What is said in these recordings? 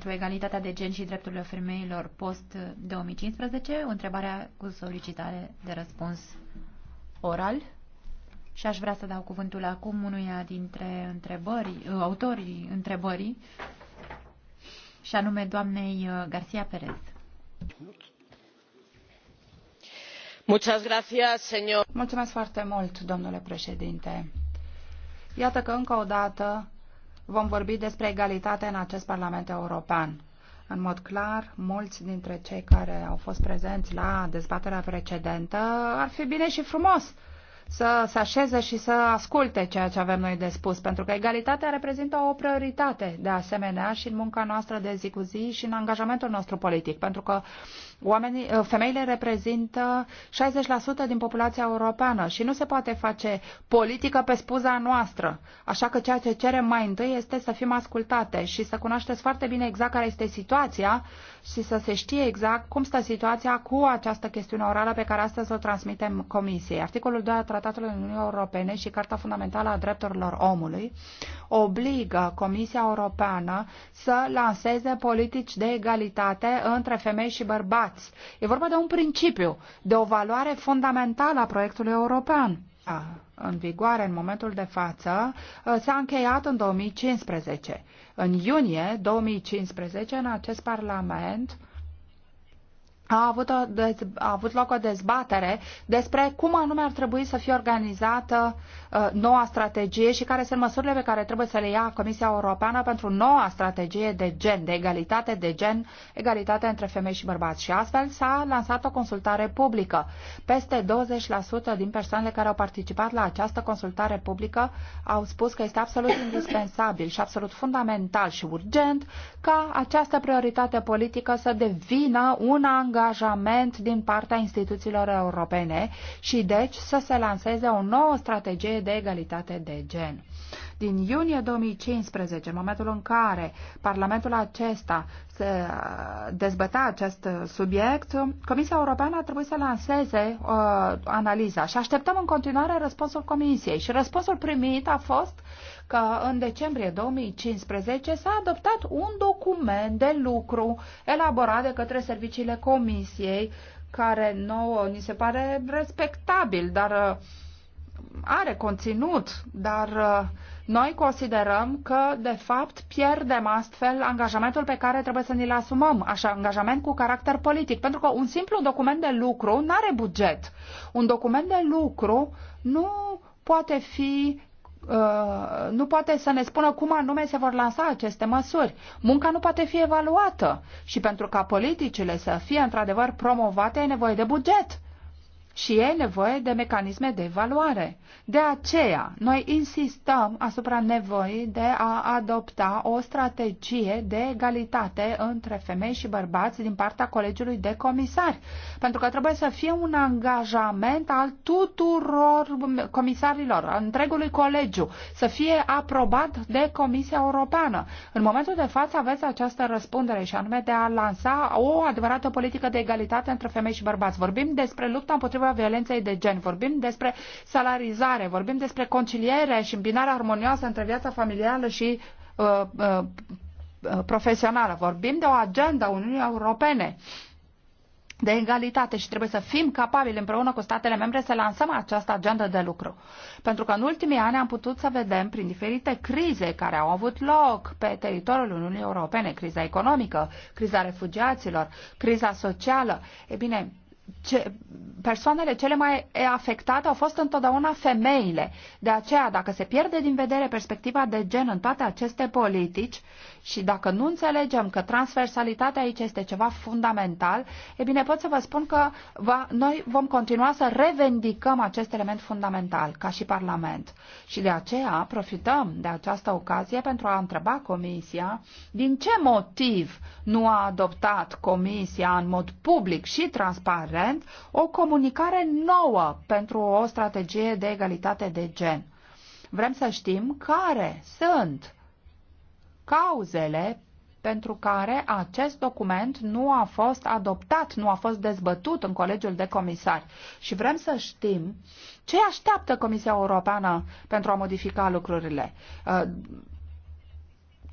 pentru egalitatea de gen și drepturile femeilor post-2015, întrebarea cu solicitare de răspuns oral. Și aș vrea să dau cuvântul acum unuia dintre întrebări, uh, autorii întrebării, și anume doamnei uh, Garcia Perez. Mulțumesc foarte mult, domnule președinte. Iată că încă o dată vom vorbi despre egalitate în acest Parlament European. În mod clar, mulți dintre cei care au fost prezenți la dezbaterea precedentă ar fi bine și frumos să se așeze și să asculte ceea ce avem noi de spus, pentru că egalitatea reprezintă o prioritate de asemenea și în munca noastră de zi cu zi și în angajamentul nostru politic, pentru că Oamenii, uh, femeile reprezintă 60% din populația europeană și nu se poate face politică pe spuza noastră. Așa că ceea ce cerem mai întâi este să fim ascultate și să cunoașteți foarte bine exact care este situația și să se știe exact cum stă situația cu această chestiune orală pe care astăzi o transmitem Comisiei. Articolul 2 a Tratatului Uniunii Europene și Carta Fundamentală a Drepturilor Omului obligă Comisia Europeană să lanseze politici de egalitate între femei și bărbați inovați. E vorba de un principiu, de o valoare fundamentală a proiectului european. În vigoare, în momentul de față, ă, s-a încheiat în 2015. În iunie 2015, în acest Parlament, a avut, o dez, a avut loc o dezbatere despre cum anume ar trebui să fie organizată Uh, noua strategie și care sunt măsurile pe care trebuie să le ia Comisia Europeană pentru noua strategie de gen, de egalitate de gen, egalitate între femei și bărbați. Și astfel s-a lansat o consultare publică. Peste 20% din persoanele care au participat la această consultare publică au spus că este absolut indispensabil și absolut fundamental și urgent ca această prioritate politică să devină un angajament din partea instituțiilor europene și deci să se lanseze o nouă strategie Comitetului de Egalitate de Gen. Din iunie 2015, în momentul în care Parlamentul acesta se uh, dezbăta acest subiect, Comisia Europeană a trebuit să lanseze uh, analiza și așteptăm în continuare răspunsul Comisiei. Și răspunsul primit a fost că în decembrie 2015 s-a adoptat un document de lucru elaborat de către serviciile Comisiei, care nouă ni se pare respectabil, dar uh, are conținut, dar uh, noi considerăm că, de fapt, pierdem astfel angajamentul pe care trebuie să ne l asumăm, așa, angajament cu caracter politic, pentru că un simplu document de lucru nu are buget. Un document de lucru nu poate fi uh, nu poate să ne spună cum anume se vor lansa aceste măsuri. Munca nu poate fi evaluată și pentru ca politicile să fie într-adevăr promovate e nevoie de buget și e nevoie de mecanisme de evaluare. De aceea, noi insistăm asupra nevoii de a adopta o strategie de egalitate între femei și bărbați din partea Colegiului de Comisari, pentru că trebuie să fie un angajament al tuturor comisarilor, al întregului colegiu, să fie aprobat de Comisia Europeană. În momentul de față aveți această răspundere și anume de a lansa o adevărată politică de egalitate între femei și bărbați. Vorbim despre lupta împotriva împotriva violenței de gen, vorbim despre salarizare, vorbim despre conciliere și îmbinare armonioasă între viața familială și uh, uh, uh profesională. Vorbim de o agenda Uniunii Europene de egalitate și trebuie să fim capabili împreună cu statele membre să lansăm această agendă de lucru. Pentru că în ultimii ani am putut să vedem prin diferite crize care au avut loc pe teritoriul Uniunii Europene, criza economică, criza refugiaților, criza socială. E bine, ce, persoanele cele mai afectate au fost întotdeauna femeile. De aceea, dacă se pierde din vedere perspectiva de gen în toate aceste politici, și dacă nu înțelegem că transversalitatea aici este ceva fundamental, e bine, pot să vă spun că va, noi vom continua să revendicăm acest element fundamental, ca și Parlament. Și de aceea profităm de această ocazie pentru a întreba Comisia din ce motiv nu a adoptat Comisia în mod public și transparent o comunicare nouă pentru o strategie de egalitate de gen. Vrem să știm care sunt cauzele pentru care acest document nu a fost adoptat, nu a fost dezbătut în Colegiul de Comisari. Și vrem să știm ce așteaptă Comisia Europeană pentru a modifica lucrurile. Uh,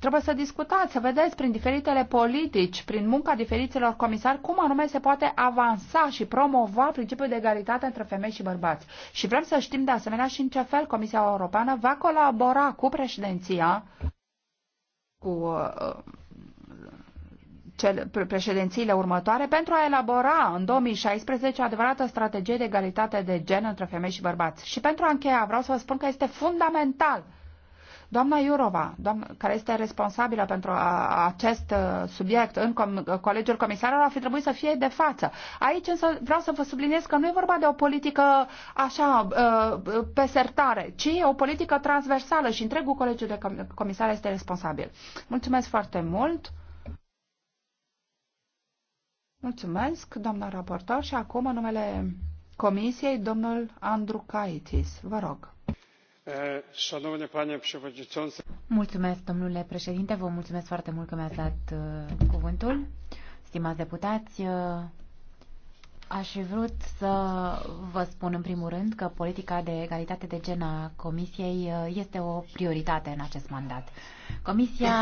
trebuie să discutați, să vedeți prin diferitele politici, prin munca diferiților comisari, cum anume se poate avansa și promova principiul de egalitate între femei și bărbați. Și vrem să știm de asemenea și în ce fel Comisia Europeană va colabora cu președinția cu uh, cele, președințiile următoare pentru a elabora în 2016 adevărată strategie de egalitate de gen între femei și bărbați. Și pentru a încheia, vreau să vă spun că este fundamental Doamna Iurova, doamna, care este responsabilă pentru a, uh, acest uh, subiect în com, uh, Colegiul Comisarilor, ar fi trebuit să fie de față. Aici însă vreau să vă subliniez că nu e vorba de o politică așa pe sertare, ci o politică transversală și întregul Colegiu de Comisar este responsabil. Mulțumesc foarte mult! Mulțumesc, doamna raportor, și acum în numele Comisiei, domnul Andru Caitis. Vă rog. Mulțumesc, domnule președinte, vă mulțumesc foarte mult că mi-ați dat uh, cuvântul. Stimați deputați, uh, aș fi vrut să vă spun în primul rând că politica de egalitate de gen a Comisiei uh, este o prioritate în acest mandat. Comisia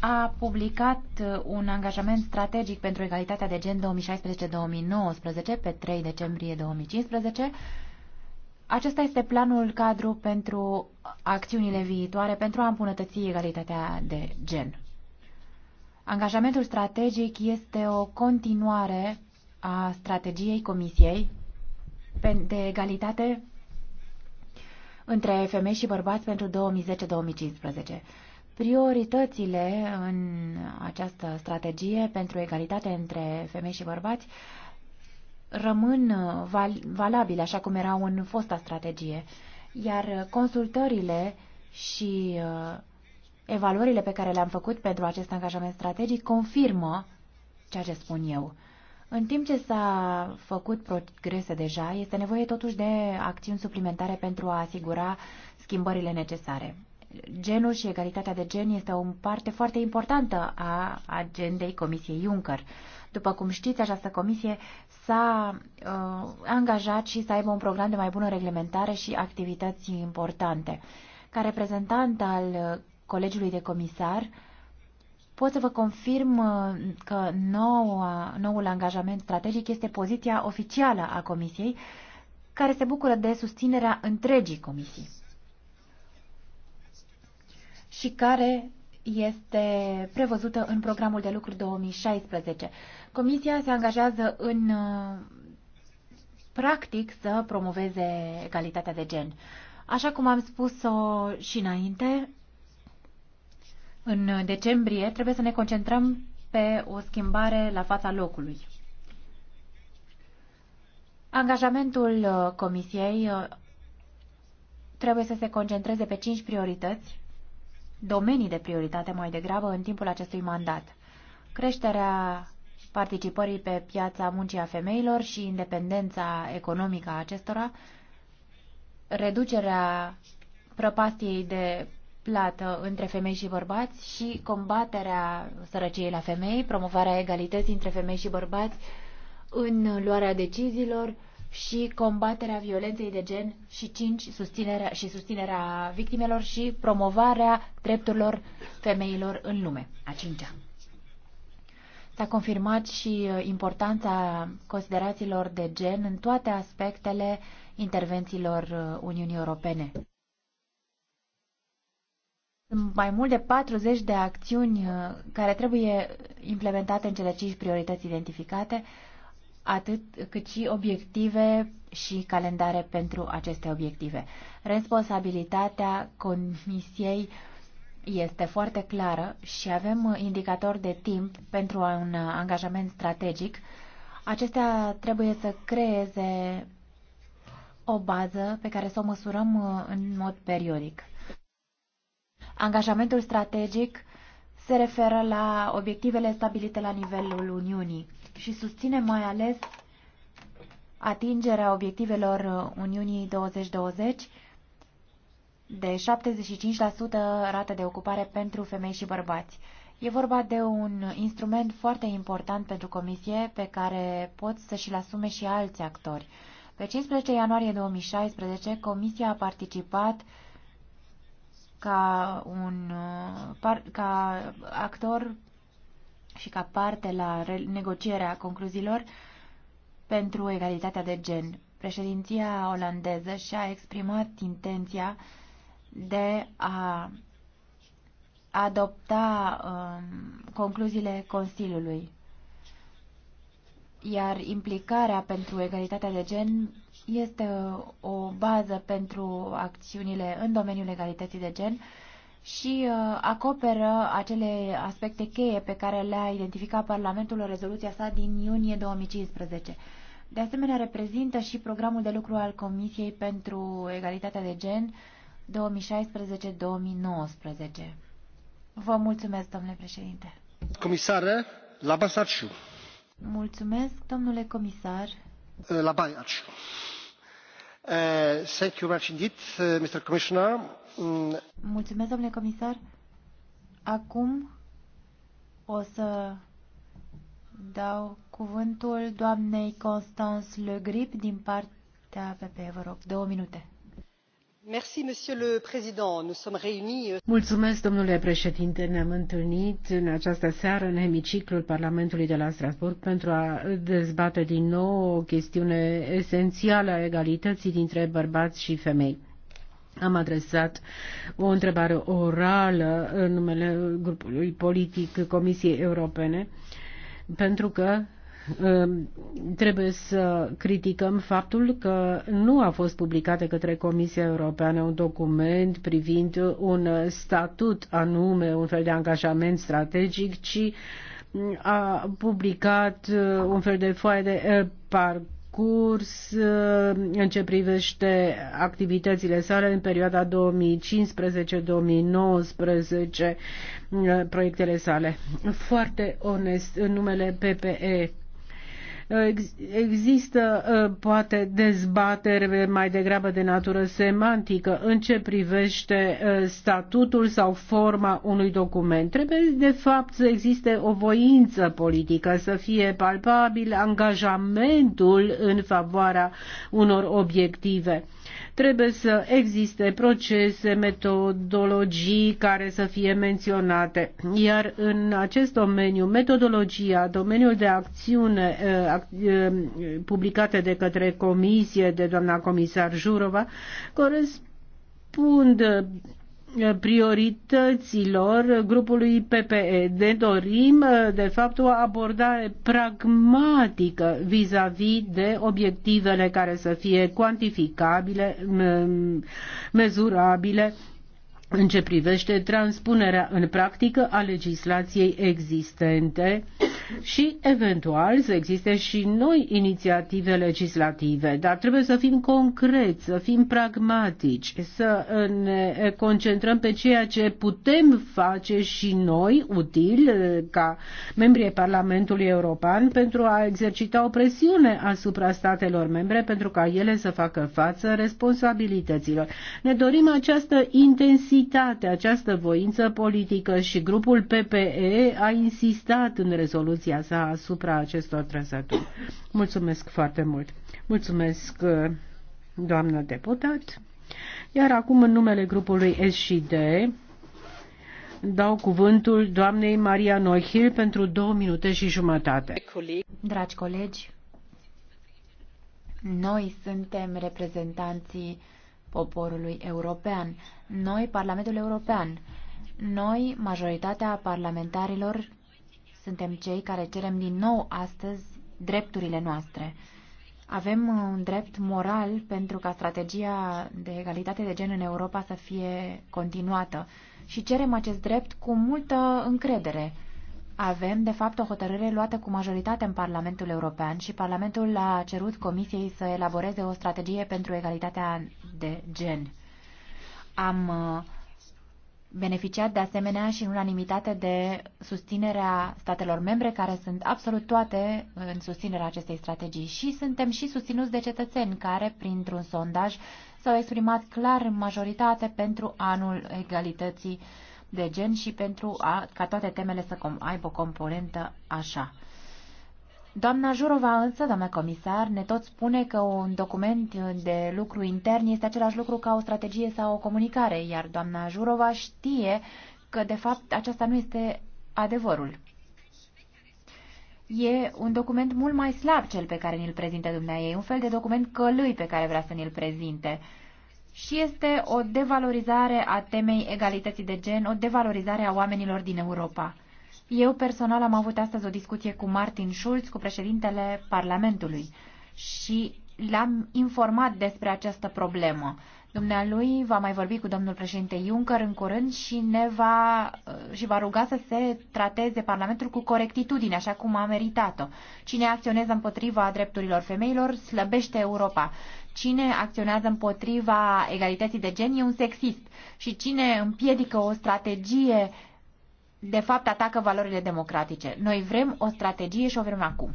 a publicat un angajament strategic pentru egalitatea de gen 2016-2019 pe 3 decembrie 2015 acesta este planul cadru pentru acțiunile viitoare pentru a îmbunătăți egalitatea de gen. Angajamentul strategic este o continuare a strategiei Comisiei de egalitate între femei și bărbați pentru 2010-2015. Prioritățile în această strategie pentru egalitate între femei și bărbați rămân uh, val valabile, așa cum erau în fosta strategie, iar uh, consultările și uh, evaluările pe care le-am făcut pentru acest angajament strategic confirmă ceea ce spun eu. În timp ce s-a făcut progrese deja, este nevoie totuși de acțiuni suplimentare pentru a asigura schimbările necesare. Genul și egalitatea de gen este o parte foarte importantă a agendei Comisiei Juncker. După cum știți, această comisie s-a uh, angajat și să aibă un program de mai bună reglementare și activități importante. Ca reprezentant al Colegiului de Comisar, pot să vă confirm uh, că noua, noul angajament strategic este poziția oficială a Comisiei, care se bucură de susținerea întregii comisii și care este prevăzută în programul de lucru 2016. Comisia se angajează în uh, practic să promoveze egalitatea de gen. Așa cum am spus-o și înainte, în decembrie trebuie să ne concentrăm pe o schimbare la fața locului. Angajamentul uh, Comisiei uh, trebuie să se concentreze pe cinci priorități domenii de prioritate mai degrabă în timpul acestui mandat. Creșterea participării pe piața muncii a femeilor și independența economică a acestora, reducerea prăpastiei de plată între femei și bărbați și combaterea sărăciei la femei, promovarea egalității între femei și bărbați în luarea deciziilor, și combaterea violenței de gen și cinci susținerea, și susținerea victimelor și promovarea drepturilor femeilor în lume. A cincea. S-a confirmat și uh, importanța considerațiilor de gen în toate aspectele intervențiilor uh, Uniunii Europene. Sunt mai mult de 40 de acțiuni uh, care trebuie implementate în cele 5 priorități identificate, atât cât și obiective și calendare pentru aceste obiective. Responsabilitatea Comisiei este foarte clară și avem indicatori de timp pentru un angajament strategic. Acestea trebuie să creeze o bază pe care să o măsurăm uh, în mod periodic. Angajamentul strategic se referă la obiectivele stabilite la nivelul Uniunii și susține mai ales atingerea obiectivelor Uniunii 2020 de 75% rată de ocupare pentru femei și bărbați. E vorba de un instrument foarte important pentru comisie pe care pot să și-l asume și alți actori. Pe 15 ianuarie 2016, comisia a participat ca, un, uh, ca actor și ca parte la negocierea concluziilor pentru egalitatea de gen. Președinția olandeză și-a exprimat intenția de a adopta um, concluziile Consiliului. Iar implicarea pentru egalitatea de gen este o bază pentru acțiunile în domeniul egalității de gen și uh, acoperă acele aspecte cheie pe care le-a identificat Parlamentul în rezoluția sa din iunie 2015. De asemenea, reprezintă și programul de lucru al Comisiei pentru Egalitatea de Gen 2016-2019. Vă mulțumesc, domnule președinte. Comisare, la Basarciu. Mulțumesc, domnule comisar. La Baiaciu. Uh, uh, mm. Mulțumesc, domnule comisar. Acum o să dau cuvântul doamnei Constance Le Grip din partea ppe. Vă rog, două minute. Euh, Mulțumesc, domnule președinte ne am întâlnit în această seară în hemiciclul parlamentului de la strasbourg pentru a dezbate din nou o chestiune esențială a egalității dintre bărbați și femei. Am adresat o întrebare orală în numele grupului politic Comisiei Europene pentru că Ehm, trebuie să criticăm faptul că nu a fost publicat de către Comisia Europeană un document privind un statut anume, un fel de angajament strategic, ci a publicat eh, un fel de foaie de eh, parcurs eh, în ce privește activitățile sale în perioada 2015-2019, proiectele sale. Foarte onest, în numele PPE Există ă, poate dezbateri mai degrabă de natură semantică în ce privește ă, statutul sau forma unui document. Trebuie de fapt să existe o voință politică, să fie palpabil angajamentul în favoarea unor obiective. Trebuie să existe procese, metodologii care să fie menționate. Iar în acest domeniu, metodologia, domeniul de acțiune eh, eh, publicate de către comisie de doamna comisar Jurova, corespund priorităților grupului PPE. Ne dorim, de fapt, o abordare pragmatică vis-a-vis -vis de obiectivele care să fie cuantificabile, mezurabile, în ce privește transpunerea în practică a legislației existente și eventual să existe și noi inițiative legislative, dar trebuie să fim concreți, să fim pragmatici, să uh, ne uh, concentrăm pe ceea ce putem face și noi util uh, ca membrii Parlamentului European pentru a exercita o presiune asupra statelor membre pentru ca ele să facă față responsabilităților. Ne dorim această intensitate, această voință politică și grupul PPE a insistat în rezoluție concluzia sa asupra acestor trăsături. Mulțumesc foarte mult. Mulțumesc, uh, doamnă deputat. Iar acum, în numele grupului S și D, dau cuvântul doamnei Maria Noihil pentru două minute și jumătate. Dragi colegi, noi suntem reprezentanții poporului european, noi Parlamentul European, noi majoritatea parlamentarilor suntem cei care cerem din nou astăzi drepturile noastre. Avem un drept moral pentru ca strategia de egalitate de gen în Europa să fie continuată și cerem acest drept cu multă încredere. Avem, de fapt, o hotărâre luată cu majoritate în Parlamentul European și Parlamentul a cerut Comisiei să elaboreze o strategie pentru egalitatea de gen. Am uh, beneficiat de asemenea și în unanimitate de susținerea statelor membre, care sunt absolut toate în susținerea acestei strategii. Și suntem și susținuți de cetățeni care, printr-un sondaj, s-au exprimat clar în majoritate pentru anul egalității de gen și pentru a, ca toate temele să aibă o componentă așa. Doamna Jurova însă, doamna comisar, ne tot spune că un document de lucru intern este același lucru ca o strategie sau o comunicare, iar doamna Jurova știe că, de fapt, aceasta nu este adevărul. E un document mult mai slab cel pe care ni-l prezintă dumneai, un fel de document călui pe care vrea să ni-l prezinte. Și este o devalorizare a temei egalității de gen, o devalorizare a oamenilor din Europa. Eu personal am avut astăzi o discuție cu Martin Schulz, cu președintele Parlamentului și l-am informat despre această problemă. Dumnealui va mai vorbi cu domnul președinte Juncker în curând și ne va, uh, și va ruga să se trateze Parlamentul cu corectitudine, așa cum a meritat-o. Cine acționează împotriva drepturilor femeilor slăbește Europa. Cine acționează împotriva egalității de gen e un sexist. Și cine împiedică o strategie de fapt atacă valorile democratice. Noi vrem o strategie și o vrem acum.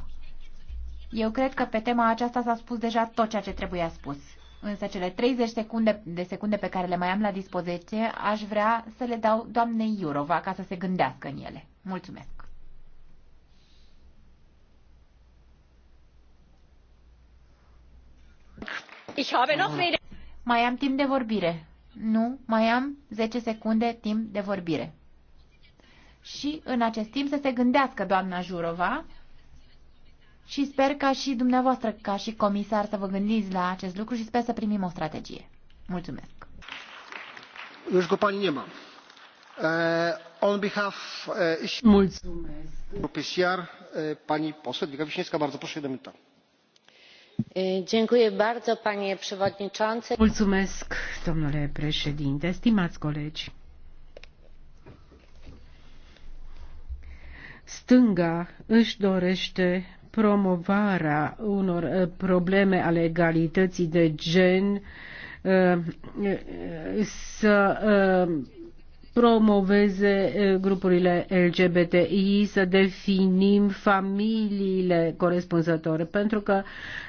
Eu cred că pe tema aceasta s-a spus deja tot ceea ce trebuia spus. Însă cele 30 secunde, de secunde pe care le mai am la dispoziție, aș vrea să le dau doamnei Iurova ca să se gândească în ele. Mulțumesc! Ich habe noch Mai am timp de vorbire. Nu, mai am 10 secunde timp de vorbire și în acest timp să se gândească doamna Jurova și sper ca și dumneavoastră, ca și comisar, să vă gândiți la acest lucru și sper să primim o strategie. Mulțumesc. pani Mulțumesc. Mulțumesc, domnule președinte, stimați colegi stânga își dorește promovarea unor uh, probleme ale egalității de gen, uh, uh, să promoveze grupurile LGBTI, să definim familiile corespunzătoare, pentru că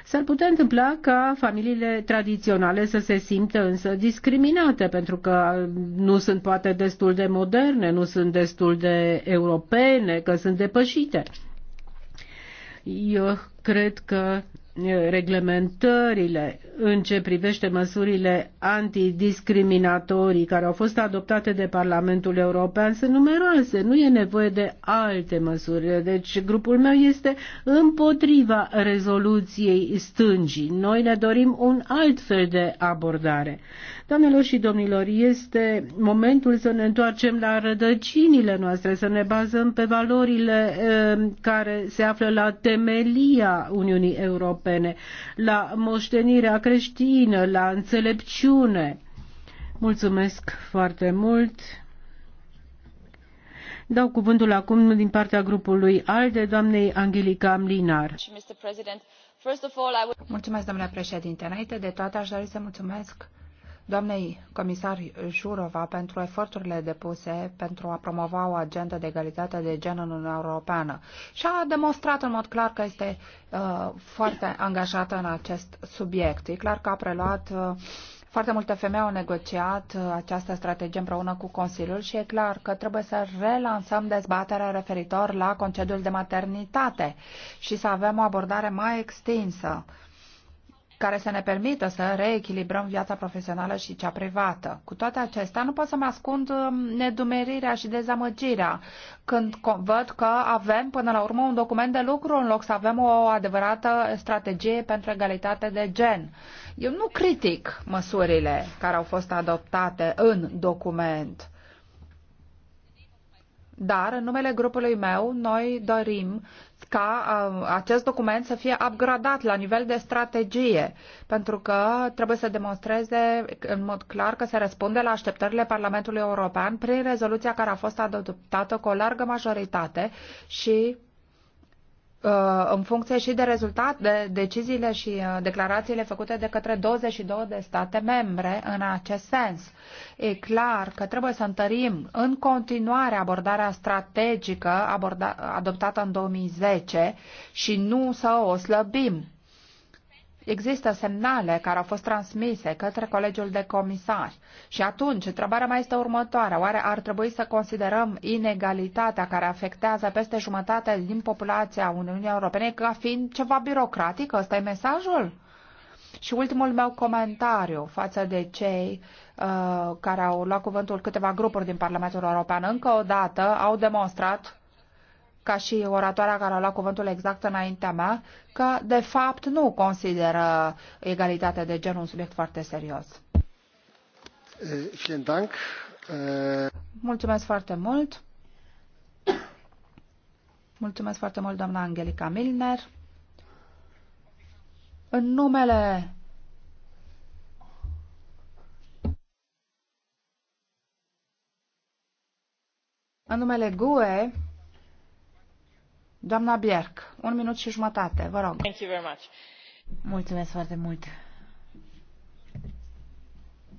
s-ar putea întâmpla ca familiile tradiționale să se simtă însă discriminate, pentru că nu sunt poate destul de moderne, nu sunt destul de europene, că sunt depășite. Eu cred că reglementările în ce privește măsurile antidiscriminatorii care au fost adoptate de Parlamentul European sunt numeroase, nu e nevoie de alte măsuri. Deci grupul meu este împotriva rezoluției stângii. Noi ne dorim un alt fel de abordare. Doamnelor și domnilor, este momentul să ne întoarcem la rădăcinile noastre, să ne bazăm pe valorile eh, care se află la temelia Uniunii Europene, la moștenirea creștină, la înțelepciune. Mulțumesc foarte mult. Dau cuvântul acum din partea grupului ALDE, doamnei Angelica Mlinar. Mulțumesc, domnule președinte. Înainte de toate, aș dori să mulțumesc doamnei comisar Jurova pentru eforturile depuse pentru a promova o agendă de egalitate de gen în Uniunea Europeană și a demonstrat în mod clar că este uh, foarte angajată în acest subiect. E clar că a preluat uh, foarte multe femei au negociat uh, această strategie împreună cu Consiliul și e clar că trebuie să relansăm dezbaterea referitor la concediul de maternitate și să avem o abordare mai extinsă care să ne permită să reechilibrăm viața profesională și cea privată. Cu toate acestea, nu pot să mă ascund um, nedumerirea și dezamăgirea când văd că avem până la urmă un document de lucru în loc să avem o adevărată strategie pentru egalitate de gen. Eu nu critic măsurile care au fost adoptate în document. Dar, în numele grupului meu, noi dorim ca uh, acest document să fie upgradat la nivel de strategie, pentru că trebuie să demonstreze în mod clar că se răspunde la așteptările Parlamentului European prin rezoluția care a fost adoptată cu o largă majoritate și Uh, în funcție și de rezultat, de deciziile și uh, declarațiile făcute de către 22 de state membre în acest sens. E clar că trebuie să întărim în continuare abordarea strategică aborda, adoptată în 2010 și nu să o slăbim. Există semnale care au fost transmise către Colegiul de Comisari și atunci întrebarea mai este următoarea. Oare ar trebui să considerăm inegalitatea care afectează peste jumătate din populația Uniunii Europene ca fiind ceva birocratic? Ăsta e mesajul? Și ultimul meu comentariu față de cei uh, care au luat cuvântul câteva grupuri din Parlamentul European încă o dată au demonstrat ca și oratoarea care a luat cuvântul exact înaintea mea, că de fapt nu consideră egalitatea de gen un subiect foarte serios. Eh, Mulțumesc foarte mult. Mulțumesc foarte mult, doamna Angelica Milner. În numele în numele GUE, Doamna Bierk, un minut și jumătate, vă rog. Thank you very much. Mulțumesc foarte mult.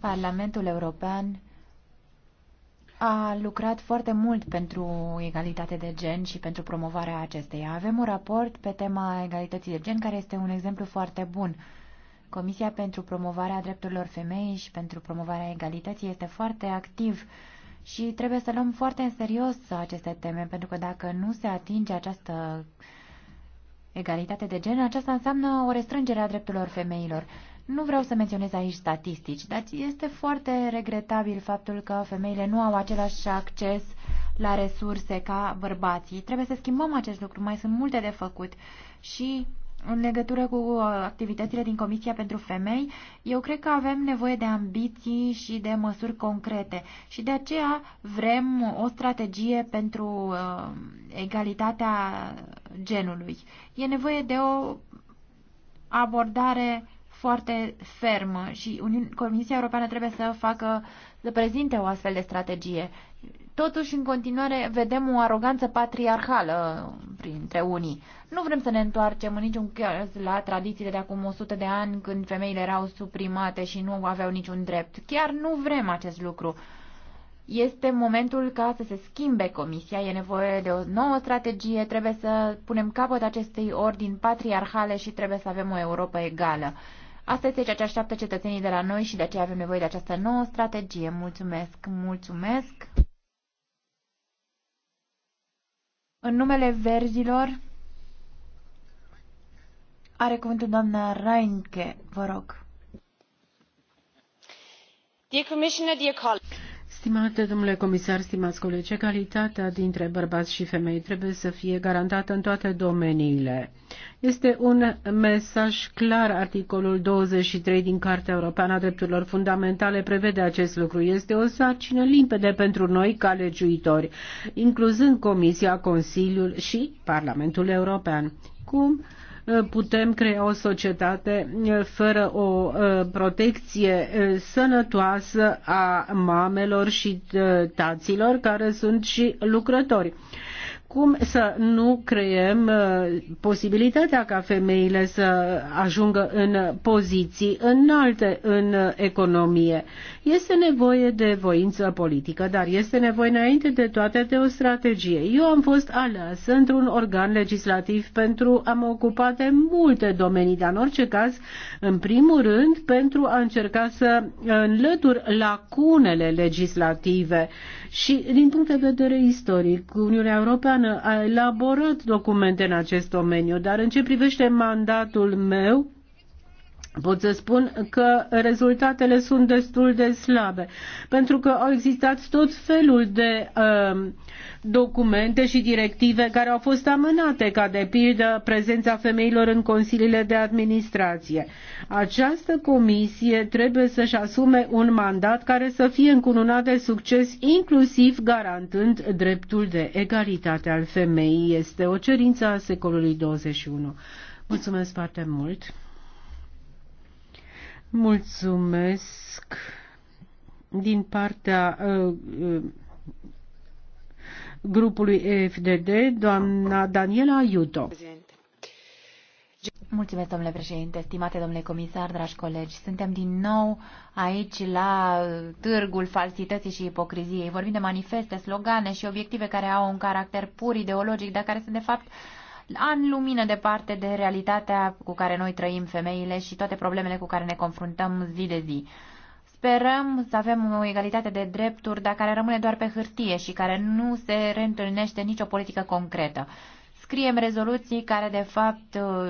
Parlamentul European a lucrat foarte mult pentru egalitate de gen și pentru promovarea acesteia. Avem un raport pe tema egalității de gen care este un exemplu foarte bun. Comisia pentru promovarea drepturilor femeii și pentru promovarea egalității este foarte activ uh, și trebuie să luăm foarte în serios aceste teme, pentru că dacă nu se atinge această egalitate de gen, aceasta înseamnă o restrângere a drepturilor femeilor. Nu vreau să menționez aici statistici, dar este foarte regretabil faptul că femeile nu au același acces la resurse ca bărbații. Trebuie să schimbăm acest lucru, mai sunt multe de făcut și în legătură cu uh, activitățile din Comisia pentru Femei, eu cred că avem nevoie de ambiții și de măsuri concrete și de aceea vrem o strategie pentru uh, egalitatea genului. E nevoie de o abordare foarte fermă și Comisia Europeană trebuie să facă, să prezinte o astfel de strategie. Totuși, în continuare, vedem o aroganță patriarhală uh, printre unii. Nu vrem să ne întoarcem în niciun caz la tradițiile de acum 100 de ani, când femeile erau suprimate și nu aveau niciun drept. Chiar nu vrem acest lucru. Este momentul ca să se schimbe comisia, e nevoie de o nouă strategie, trebuie să punem capăt acestei ordini patriarhale și trebuie să avem o Europa egală. Asta este ceea ce așteaptă cetățenii de la noi și de aceea avem nevoie de această nouă strategie. Mulțumesc, mulțumesc! În numele verzilor are cuvântul doamna Reinke, vă rog. Dear Commissioner, dear colleagues. Stimate domnule comisar, stimați colegi, egalitatea dintre bărbați și femei trebuie să fie garantată în toate domeniile. Este un mesaj clar. Articolul 23 din Cartea Europeană a Drepturilor Fundamentale prevede acest lucru. Este o sarcină limpede pentru noi ca legiuitori, incluzând Comisia, Consiliul și Parlamentul European. Cum putem crea o societate eh, fără o eh, protecție eh, sănătoasă a mamelor și taților care sunt și lucrători. Cum să nu creăm posibilitatea ca femeile să ajungă în poziții înalte în economie? Este nevoie de voință politică, dar este nevoie înainte de toate de o strategie. Eu am fost ales într-un organ legislativ pentru a mă ocupa de multe domenii, dar în orice caz, în primul rând, pentru a încerca să înlătur lacunele legislative și din punct de vedere istoric, Uniunea Europeană a elaborat documente în acest domeniu, dar în ce privește mandatul meu, Pot să spun că rezultatele sunt destul de slabe, pentru că au existat tot felul de uh, documente și directive care au fost amânate, ca de pildă prezența femeilor în consiliile de administrație. Această comisie trebuie să-și asume un mandat care să fie încununat de succes, inclusiv garantând dreptul de egalitate al femeii. Este o cerință a secolului 21. Mulțumesc foarte mult! Mulțumesc din partea uh, uh, grupului EFDD, doamna Daniela Iuto. Mulțumesc, domnule președinte, stimate domnule comisar, dragi colegi. Suntem din nou aici la târgul falsității și ipocriziei. Vorbim de manifeste, slogane și obiective care au un caracter pur ideologic, dar care sunt de fapt uh, an lumină departe de realitatea cu care noi trăim femeile și toate problemele cu care ne confruntăm zi de zi. Sperăm să avem o egalitate de drepturi, dar care rămâne doar pe hârtie și care nu se reîntâlnește nicio politică concretă scriem rezoluții care, de fapt, uh,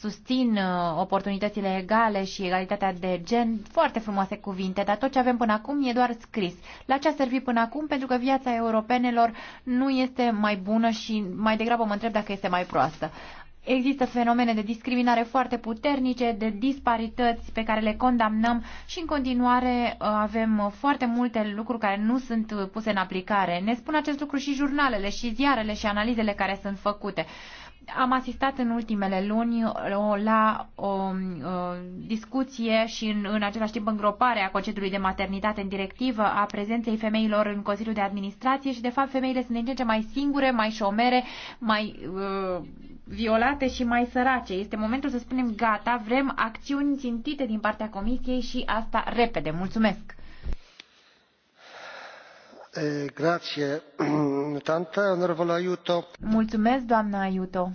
susțin uh, oportunitățile egale și egalitatea de gen, foarte frumoase cuvinte, dar tot ce avem până acum e doar scris. La ce a servit până acum? Pentru că viața europenelor nu este mai bună și mai degrabă mă întreb dacă este mai proastă. Există fenomene de discriminare foarte puternice, de disparități pe care le condamnăm și în continuare uh, avem foarte multe lucruri care nu sunt uh, puse în aplicare. Ne spun acest lucru și jurnalele, și ziarele, și analizele care sunt făcute. Am asistat în ultimele luni uh, la o um, discuție și în, în același timp îngropare a concediului de maternitate în directivă a prezenței femeilor în Consiliul de Administrație și de fapt femeile sunt din ce mai singure, mai șomere, mai uh, violate și mai sărace. Este momentul să spunem gata, vrem acțiuni țintite din partea Comisiei și asta repede. Mulțumesc! Grazie, tante, onorevole Aiuto. Mulțumesc, doamna Aiuto.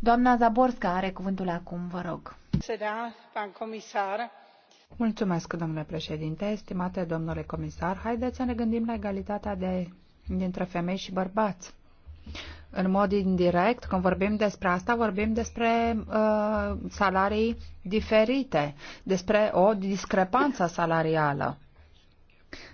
Doamna Zaborska are cuvântul acum, vă rog. Mulțumesc, domnule președinte, estimate domnule comisar. Haideți să ne gândim la egalitatea de dintre femei și bărbați. În mod indirect, când vorbim despre asta, vorbim despre uh, salarii diferite, despre o discrepanță salarială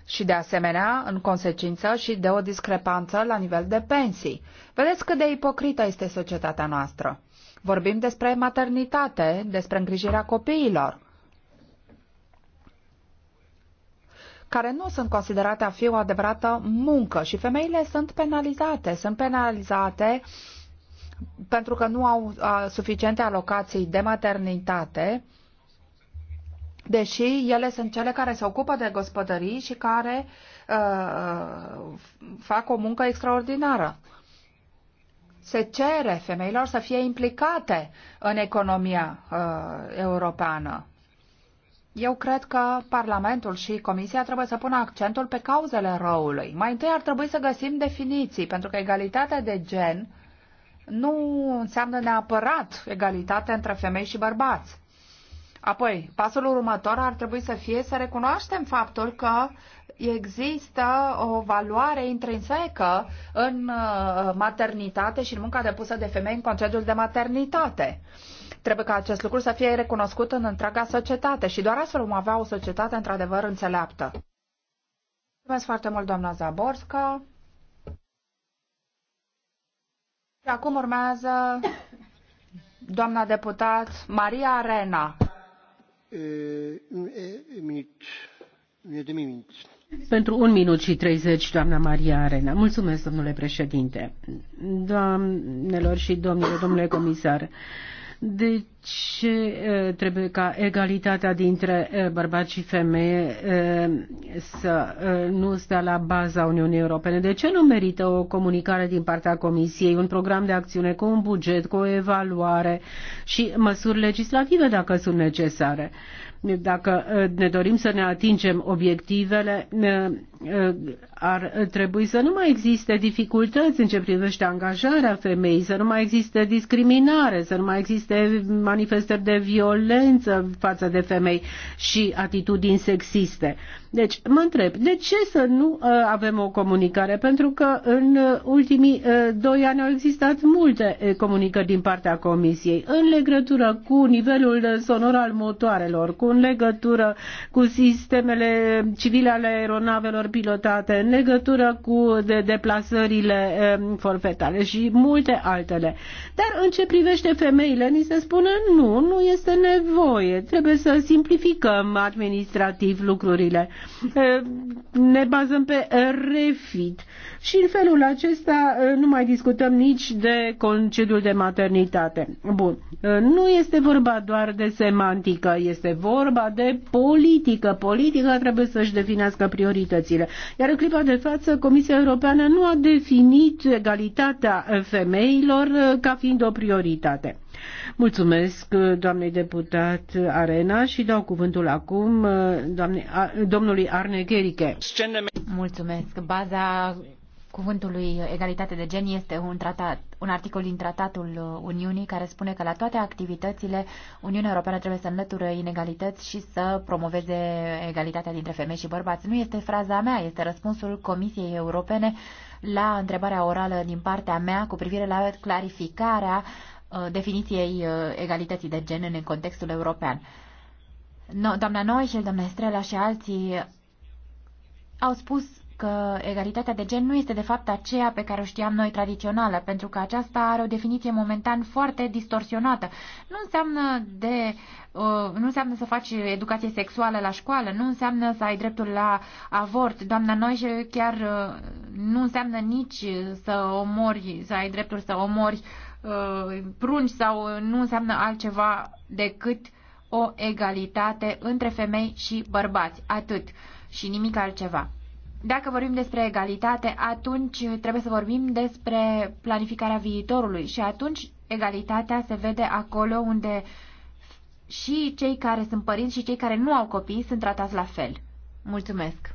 și de asemenea, în consecință, și de o discrepanță la nivel de pensii. Vedeți cât de ipocrită este societatea noastră. Vorbim despre maternitate, despre îngrijirea copiilor. care nu sunt considerate a fi o adevărată muncă și femeile sunt penalizate, sunt penalizate pentru că nu au a, suficiente alocații de maternitate, deși ele sunt cele care se ocupă de gospodării și care a, fac o muncă extraordinară. Se cere femeilor să fie implicate în economia uh, europeană. Eu cred că Parlamentul și Comisia trebuie să pună accentul pe cauzele răului. Mai întâi ar trebui să găsim definiții, pentru că egalitatea de gen nu înseamnă neapărat egalitate între femei și bărbați. Apoi, pasul următor ar trebui să fie să recunoaștem faptul că există o valoare intrinsecă în uh, maternitate și în munca depusă de femei în concediul de maternitate. Uh, Trebuie ca acest lucru să fie recunoscut în întreaga societate și doar astfel vom avea o societate într-adevăr înțeleaptă. Mulțumesc foarte mult, doamna Zaborska. Și acum urmează doamna deputat Maria Arena. Pentru un minut și 30, doamna Maria Arena. Mulțumesc, domnule președinte. Doamnelor și domnilor, domnule comisar, de ce trebuie ca egalitatea dintre bărbați și femeie să nu stea la baza Uniunii Europene? De ce nu merită o comunicare din partea Comisiei, un program de acțiune cu un buget, cu o evaluare și măsuri legislative dacă sunt necesare? Dacă ne dorim să ne atingem obiectivele, ar trebui să nu mai existe dificultăți în ce privește angajarea femeii, să nu mai existe discriminare, să nu mai existe manifestări de violență față de femei și atitudini sexiste. Deci, mă întreb, de ce să nu uh, avem o comunicare? Pentru că în uh, ultimii uh, doi ani au existat multe comunicări din partea Comisiei în legătură cu nivelul sonor al motoarelor, cu în legătură cu sistemele civile ale aeronavelor pilotate, în legătură cu de deplasările um, forfetale și multe altele. Dar în ce privește femeile, ni se spune nu, nu este nevoie, trebuie să simplificăm administrativ lucrurile ne bazăm pe refit și în felul acesta nu mai discutăm nici de concediul de maternitate. Bun, nu este vorba doar de semantică, este vorba de politică. Politica trebuie să-și definească prioritățile. Iar în clipa de față, Comisia Europeană nu a definit egalitatea femeilor ca fiind o prioritate. Mulțumesc doamnei deputat Arena și dau cuvântul acum uh, doamne, domnului Arne Gherike. Mulțumesc. Baza cuvântului egalitate de gen este un, tratat, un articol din Tratatul Uniunii care spune că la toate activitățile Uniunea Europeană trebuie să înlăture inegalități și să promoveze egalitatea dintre femei și bărbați. Nu este fraza mea, este răspunsul Comisiei Europene la întrebarea orală din partea mea cu privire la clarificarea uh, Uh, definiției uh, egalității de gen în contextul european. No, doamna și doamna Estrela și alții au spus că egalitatea de gen nu este de fapt aceea pe care o știam noi tradițională, pentru că aceasta are o definiție momentan foarte distorsionată. Nu înseamnă, de, uh, nu înseamnă să faci educație sexuală la școală, nu înseamnă să ai dreptul la avort. Doamna Noișel chiar nu înseamnă nici să omori, să ai dreptul să omori uh, Uh, prunci sau uh, nu înseamnă altceva decât o egalitate între femei și bărbați. Atât. Și nimic altceva. Dacă vorbim despre egalitate, atunci trebuie să vorbim despre planificarea viitorului și atunci egalitatea se vede acolo unde și cei care sunt părinți și cei care nu au copii sunt tratați la fel. Mulțumesc!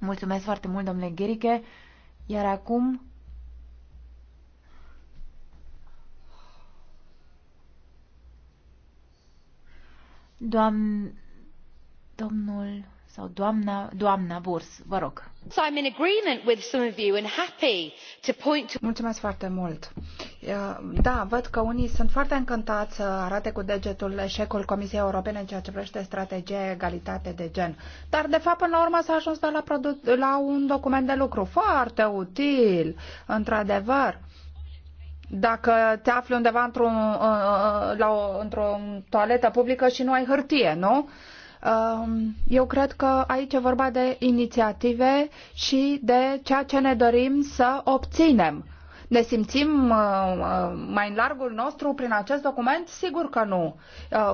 Mulțumesc foarte mult, domnule Gheriche. Iar acum Doam... Domnul sau doamna, doamna Burs, vă rog. I'm in agreement with some of you and happy to point to... Mulțumesc foarte mult. Da, văd că unii sunt foarte încântați să arate cu degetul eșecul Comisiei Europene în ceea ce privește strategia egalitate de gen. Dar, de fapt, până la urmă s-a ajuns la, la un document de lucru foarte util, într-adevăr dacă te afli undeva uh, uh, într-o, într o toaletă publică și nu ai hârtie, nu? Um, eu cred că aici e vorba de inițiative și de ceea ce ne dorim să obținem. Ne simțim uh, mai în largul nostru prin acest document? Sigur că nu.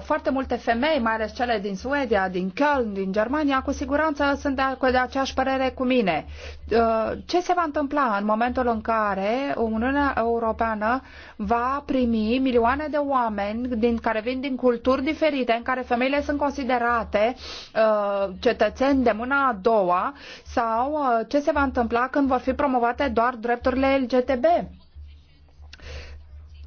Foarte multe femei, mai ales cele din Suedia, din Köln, din Germania, cu siguranță sunt de, de aceeași părere cu mine. Uh, ce se va întâmpla în momentul în care Uniunea Europeană va primi milioane de oameni din care vin din culturi diferite, în care femeile sunt considerate uh, cetățeni de mâna a doua, sau uh, ce se va întâmpla când vor fi promovate doar drepturile LGTB?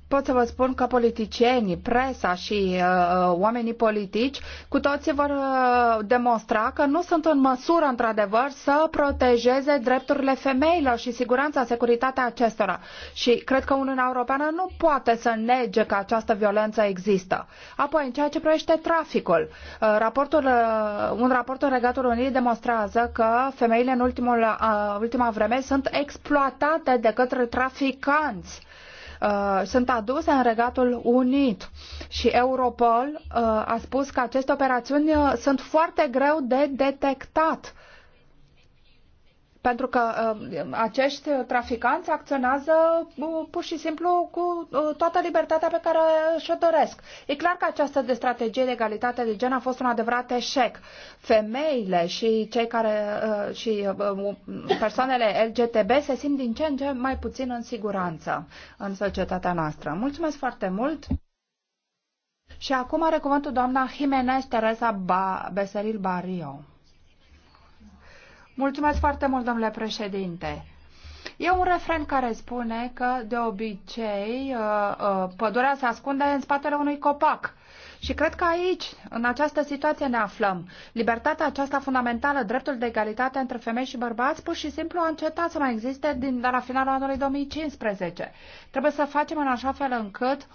pot să vă spun că politicienii, presa și uh, uh, oamenii politici cu toții vor uh, demonstra că nu sunt în măsură, într-adevăr, să protejeze drepturile femeilor și siguranța, securitatea acestora. Și cred că Uniunea Europeană nu poate să nege că această violență există. Apoi, în ceea ce privește traficul, uh, raportul, uh, un raport în Regatul Unii demonstrează că femeile în ultimul, uh, ultima vreme sunt exploatate de către traficanți. Uh, Uh, sunt aduse în Regatul Unit și Europol uh, a spus că aceste operațiuni uh, sunt foarte greu de detectat pentru că uh, acești traficanți acționează uh, pur și simplu cu uh, toată libertatea pe care și-o doresc. E clar că această de strategie de egalitate de gen a fost un adevărat eșec. Femeile și cei care și persoanele LGTB se simt din ce în ce mai puțin în siguranță în societatea noastră. Mulțumesc foarte mult! Și acum are cuvântul doamna Jimenez Teresa ba Beseril Barrio. Mulțumesc foarte mult, domnule președinte. E un refren care spune că, de obicei, uh, uh, pădurea se ascunde în spatele unui copac. Și cred că aici, în această situație, ne aflăm. Libertatea aceasta fundamentală, dreptul de egalitate între femei și bărbați, pur și simplu a încetat să mai existe din, de la finalul anului 2015. Trebuie să facem în așa fel încât uh,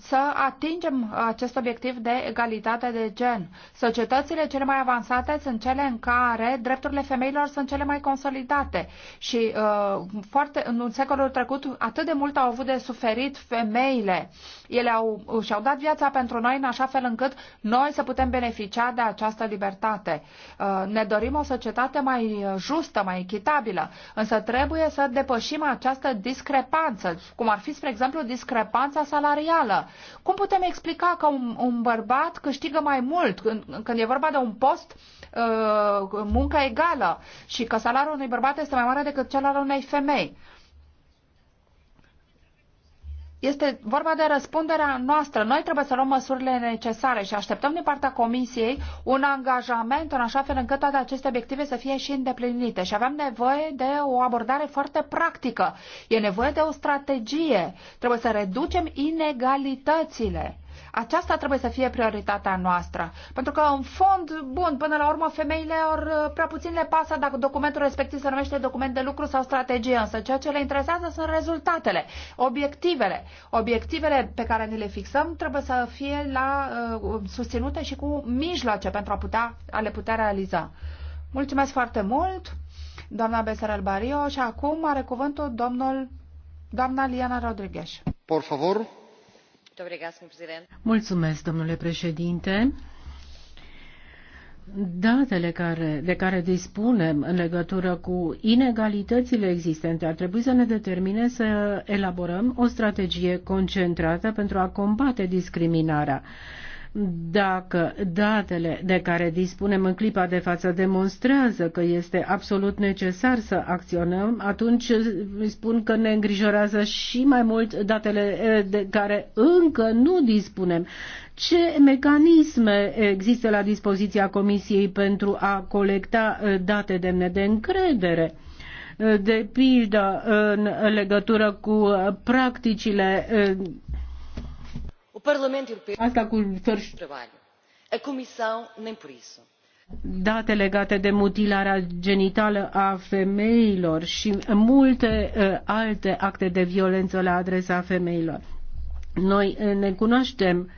să atingem acest obiectiv de egalitate de gen. Societățile cele mai avansate sunt cele în care drepturile femeilor sunt cele mai consolidate și uh, foarte, în secolul trecut atât de mult au avut de suferit femeile. Ele au, și-au dat viața pentru noi în așa fel încât noi să putem beneficia de această libertate. Uh, ne dorim o societate mai justă, mai echitabilă, însă trebuie să depășim această discrepanță, cum ar fi, spre exemplu, discrepanța salarială cum putem explica că un, un bărbat câștigă mai mult când, când e vorba de un post uh, muncă egală și că salariul unui bărbat este mai mare decât cel al unei femei? Este vorba de răspunderea noastră. Noi trebuie să luăm măsurile necesare și așteptăm din partea Comisiei un angajament în așa fel încât toate aceste obiective să fie și îndeplinite. Și avem nevoie de o abordare foarte practică. E nevoie de o strategie. Trebuie să reducem inegalitățile. Aceasta trebuie să fie prioritatea noastră. Pentru că, în fond, bun, până la urmă, femeile or uh, prea puțin le pasă dacă documentul respectiv se numește document de lucru sau strategie, însă ceea ce le interesează sunt rezultatele, obiectivele. Obiectivele pe care ne le fixăm trebuie să fie la, uh, susținute și cu mijloace pentru a, putea, a le putea realiza. Mulțumesc foarte mult, doamna Beserel Bario. și acum are cuvântul domnul, doamna Liana Rodriguez. Por favor. Mulțumesc, domnule președinte. Datele care, de care dispunem în legătură cu inegalitățile existente ar trebui să ne determine să elaborăm o strategie concentrată pentru a combate discriminarea. Dacă datele de care dispunem în clipa de față demonstrează că este absolut necesar să acționăm, atunci spun că ne îngrijorează și mai mult datele eh, de care încă nu dispunem. Ce mecanisme există la dispoziția Comisiei pentru a colecta eh, date demne de încredere? Eh, de pildă în legătură cu practicile Asta cu date legate de mutilarea genitală a femeilor și multe ă, alte acte de violență la adresa femeilor. Noi ă, ne cunoaștem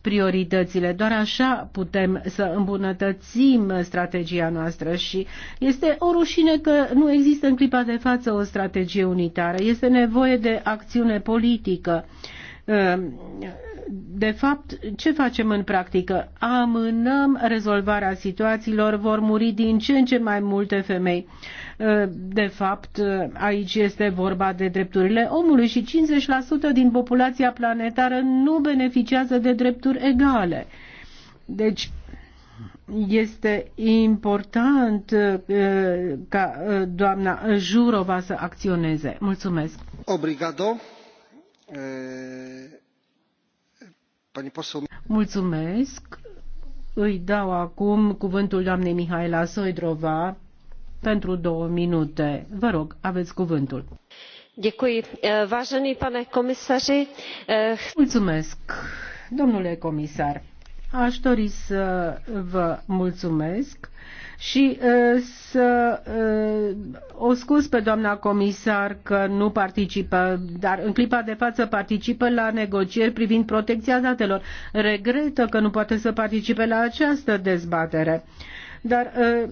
prioritățile. Doar așa putem să îmbunătățim strategia noastră și este o rușine că nu există în clipa de față o strategie unitară. Este nevoie de acțiune politică ă, de fapt, ce facem în practică? Amânăm rezolvarea situațiilor, vor muri din ce în ce mai multe femei. Uh, de fapt, uh, aici este vorba de drepturile omului și 50% din populația planetară nu beneficiază de drepturi egale. Deci, este important uh, ca doamna Jurova să acționeze. Mulțumesc. Obrigado. E... Mulțumesc. Îi dau acum cuvântul doamnei Mihaela Soidrova pentru două minute. Vă rog, aveți cuvântul. Eh, eh, Mulțumesc, domnule comisar Aș dori să vă mulțumesc și uh, să uh, o scuz pe doamna comisar că nu participă, dar în clipa de față participă la negocieri privind protecția datelor. Regretă că nu poate să participe la această dezbatere. Dar uh,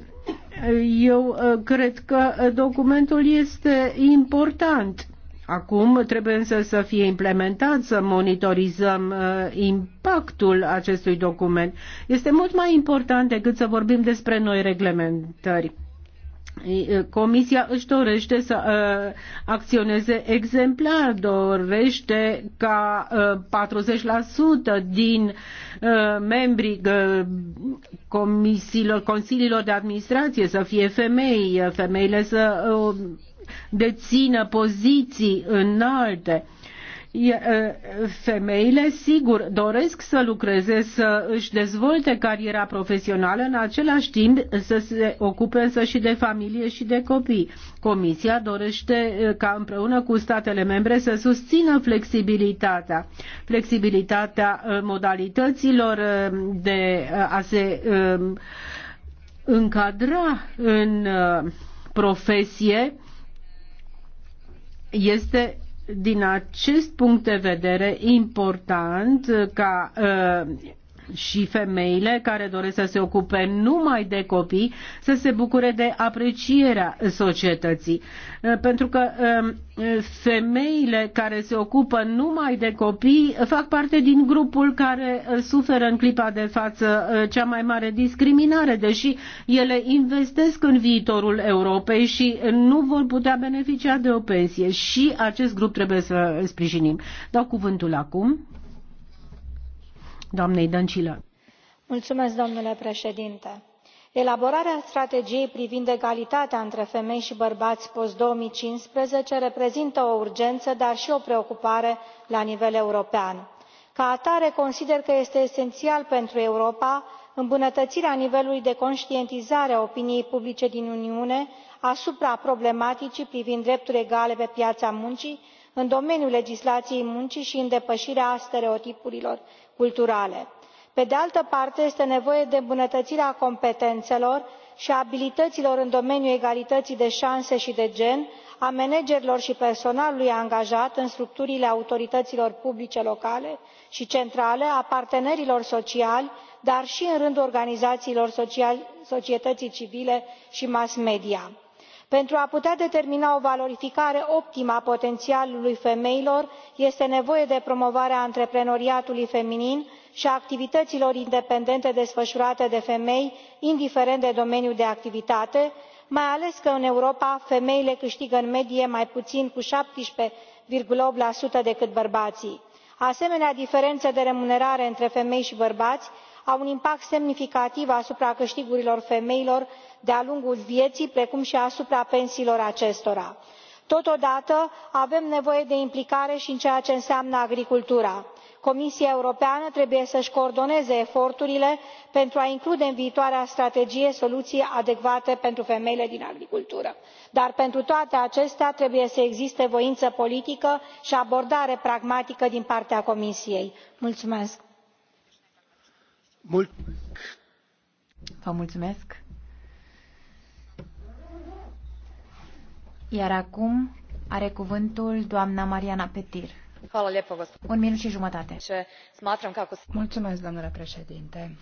eu cred că documentul este important Acum trebuie însă să fie implementat, să monitorizăm uh, impactul acestui document. Este mult mai important decât să vorbim despre noi reglementări. Uh, Comisia își dorește să uh, acționeze exemplar, dorește ca uh, 40% din uh, membrii uh, comisiilor, consiliilor de administrație să fie femei, uh, femeile să uh, dețină poziții înalte. Femeile, sigur, doresc să lucreze, să își dezvolte cariera profesională, în același timp să se ocupe însă și de familie și de copii. Comisia dorește ca împreună cu statele membre să susțină flexibilitatea, flexibilitatea modalităților de a se încadra în profesie este din acest punct de vedere important ca uh, și femeile care doresc să se ocupe numai de copii să se bucure de aprecierea societății. Uh, pentru că um, femeile care se ocupă numai de copii fac parte din grupul care uh, suferă în clipa de față uh, cea mai mare discriminare, deși ele investesc în viitorul Europei și nu vor putea beneficia de o pensie. Și acest grup trebuie să sprijinim. Dau cuvântul acum domnule președinte elaborarea strategiei privind egalitatea între femei și bărbați post două mii cincisprezece reprezintă o urgență dar și o preocupare la nivel european. ca atare consider că este esențial pentru europa îmbunătățirea nivelului de conștientizare a opiniei publice din uniune asupra problematicii privind drepturi egale pe piața muncii în domeniul legislației muncii și în depășirea stereotipurilor cu privire la culturale. pe de altă parte este nevoie de îmbunătățirea competențelor și a abilităților în domeniul egalității de șanse și de gen a managerilor și personalului angajat în structurile autorităților publice locale și centrale a partenerilor sociali dar și în rândul organizațiilor societății civile și mass media pentru a putea determina o valorificare optimă a potențialului femeilor este nevoie de promovarea antreprenoriatului feminin și a activităților independente desfășurate de femei indiferent de domeniul de activitate mai ales că în europa femeile câștigă în medie mai puțin cu șaptesprezece opt decât bărbații. asemenea diferențe de remunerare între femei și bărbați au un impact semnificativ asupra câștigurilor femeilor de a lungul vieții precum și asupra pensiilor acestora. totodată avem nevoie de implicare și în ceea ce înseamnă agricultura. comisia europeană trebuie să și coordoneze eforturile pentru a include în viitoarea strategie soluții adecvate pentru femeile din agricultură dar pentru toate acestea trebuie să existe voință politică și abordare pragmatică din partea comisiei. mulțumesc. Iar acum are cuvântul doamna Mariana Petir. Un minut și jumătate. Mulțumesc, domnule președinte.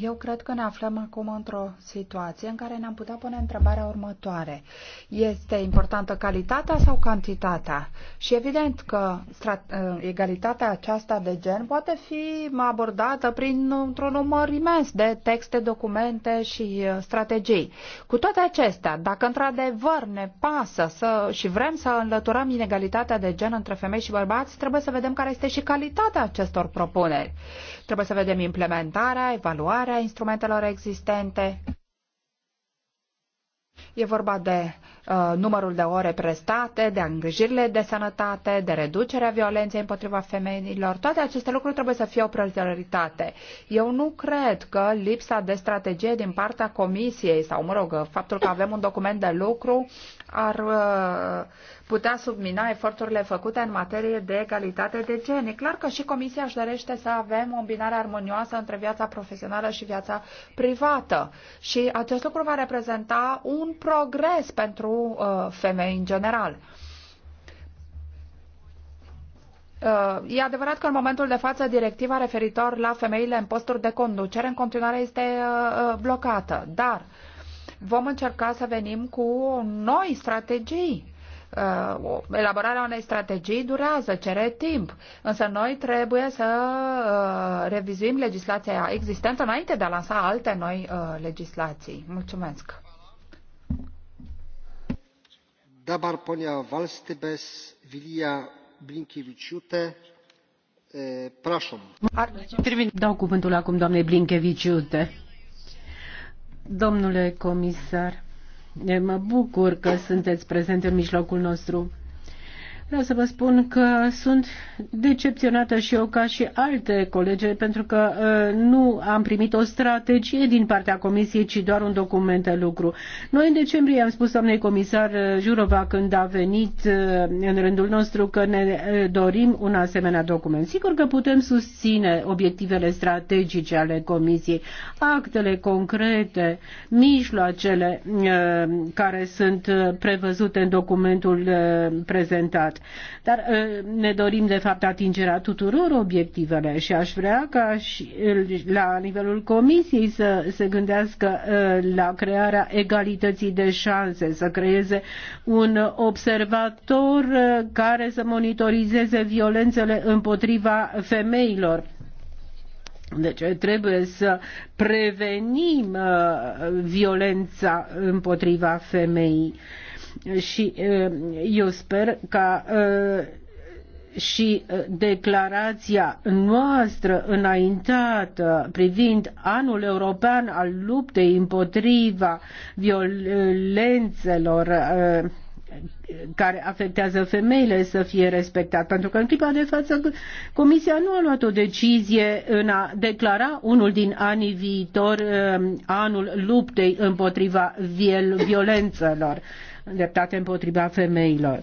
Eu cred că ne aflăm acum într-o situație în care ne-am putea pune întrebarea următoare. Este importantă calitatea sau cantitatea? Și evident că ă, egalitatea aceasta de gen poate fi abordată printr-un număr imens de texte, documente și ă, strategii. Cu toate acestea, dacă într-adevăr ne pasă să, și vrem să înlăturăm inegalitatea de gen între femei și bărbați, trebuie să vedem care este și calitatea acestor propuneri. Trebuie să vedem implementarea, evaluarea, utilizarea instrumentelor existente. E vorba de uh, numărul de ore prestate, de îngrijirile de sănătate, de reducerea violenței împotriva femeilor. Toate aceste lucruri trebuie să fie o prioritate. Eu nu cred că lipsa de strategie din partea Comisiei sau, mă rog, faptul că avem un document de lucru ar uh, putea submina eforturile făcute în materie de egalitate de gen. E clar că și Comisia își dorește să avem o îmbinare armonioasă între viața profesională și viața privată. Și acest lucru va reprezenta un progres pentru uh, femei în general. Uh, e adevărat că în momentul de față directiva referitor la femeile în posturi de conducere în continuare este uh, blocată, dar uh, vom încerca să venim cu noi strategii uh, elaborarea unei strategii durează, cere timp, însă noi trebuie să uh, revizuim legislația existentă înainte de a lansa alte noi uh, legislații. Mulțumesc. Dabar ponia Valstibes, Vilia Blinkeviciute, Prașom. Dau cuvântul acum doamnei Blinkeviciute. Domnule comisar, mă bucur că sunteți prezent în mijlocul nostru. Vreau să vă spun că sunt decepționată și eu ca și alte colege pentru că uh, nu am primit o strategie din partea Comisiei, ci doar un document de lucru. Noi în decembrie am spus doamnei comisar uh, Jurova când a venit uh, în rândul nostru că ne dorim un asemenea document. Sigur că putem susține obiectivele strategice ale Comisiei, actele concrete, mijloacele care sunt prevăzute în documentul prezentat dar uh, ne dorim, de fapt, atingerea tuturor obiectivele și aș vrea ca și uh, la nivelul Comisiei să se gândească uh, la crearea egalității de șanse, să creeze un observator care să monitorizeze violențele împotriva femeilor. Deci trebuie să prevenim violența împotriva femeii. Uh, și eu sper ca și declarația noastră înaintată privind anul european al luptei împotriva violențelor care afectează femeile să fie respectat. Pentru că în clipa de față Comisia nu a luat o decizie în a declara unul din anii viitor anul luptei împotriva violențelor îndreptate împotriva femeilor.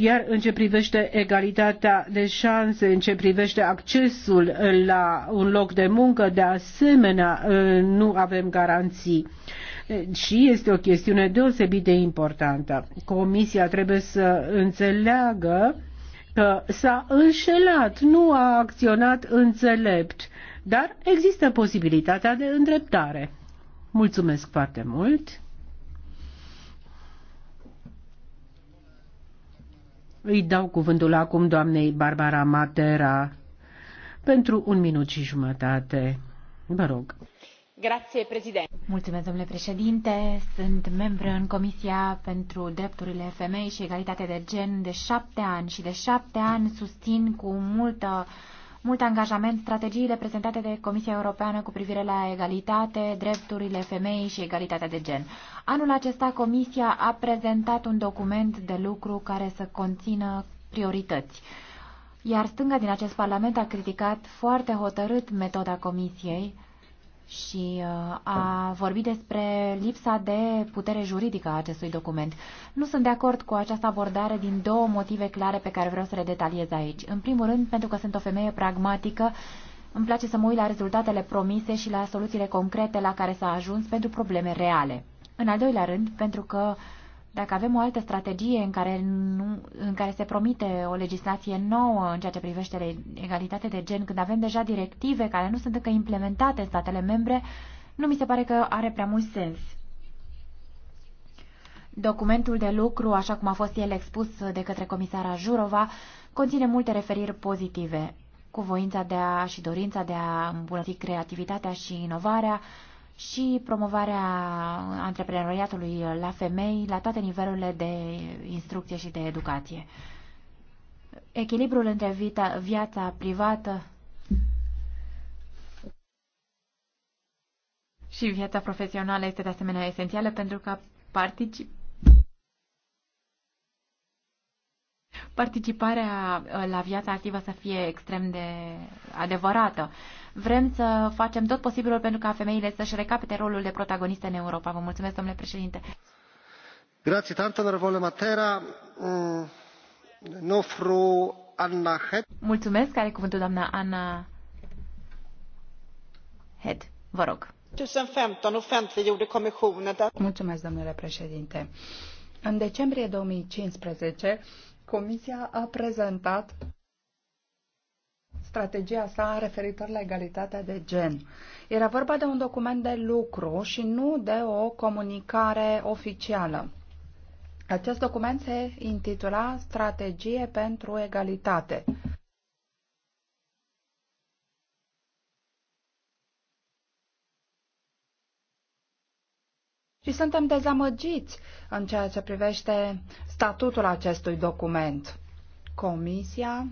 Iar în ce privește egalitatea de șanse, în ce privește accesul la un loc de muncă, de asemenea ă, nu avem garanții. Și este o chestiune deosebit de importantă. Comisia trebuie să înțeleagă că s-a înșelat, nu a acționat înțelept, dar există posibilitatea de îndreptare. Mulțumesc foarte mult! Îi dau cuvântul acum doamnei Barbara Matera pentru un minut și jumătate. Vă rog. Grazie, Mulțumesc, domnule președinte. Sunt membră în Comisia pentru Drepturile Femei și Egalitate de Gen de șapte ani și de șapte ani susțin cu multă uh, mult angajament strategiile prezentate de Comisia Europeană cu privire la egalitate, drepturile femeii și egalitatea de gen. Anul acesta Comisia a prezentat un document de lucru care să conțină priorități. Iar stânga din acest parlament a criticat foarte hotărât metoda Comisiei și uh, a vorbit despre lipsa de putere juridică a acestui document. Nu sunt de acord cu această abordare din două motive clare pe care vreau să le detaliez aici. În primul rând, pentru că sunt o femeie pragmatică, îmi place să mă uit la rezultatele promise și la soluțiile concrete la care s-a ajuns pentru probleme reale. În al doilea rând, pentru că uh, dacă avem o altă strategie în care, nu, în care se promite o legislație nouă în ceea ce privește egalitatea de gen, când avem deja directive care nu sunt încă implementate în statele membre, nu mi se pare că are prea mult sens. Documentul de lucru, așa cum a fost el expus de către comisara Jurova, conține multe referiri pozitive, cu voința de a și dorința de a îmbunătăți creativitatea și inovarea, și promovarea antreprenoriatului la femei la toate nivelurile de instrucție și de educație. Echilibrul între vita, viața privată și viața profesională este de asemenea esențială pentru că particip participarea uh, la viața activă să fie extrem de adevărată. Vrem să facem tot posibilul pentru ca femeile să-și recapete rolul de protagoniste în Europa. Vă mulțumesc, domnule președinte. Grazie tanto, onorevole Matera. Mm, Anna Mulțumesc. Are cuvântul doamna Anna Head. Vă rog. 2015 Mulțumesc, domnule președinte. În decembrie 2015, Comisia a prezentat strategia sa referitor la egalitatea de gen. Era vorba de un document de lucru și nu de o comunicare oficială. Acest document se intitula Strategie pentru egalitate. Și suntem dezamăgiți în ceea ce privește statutul acestui document. Comisia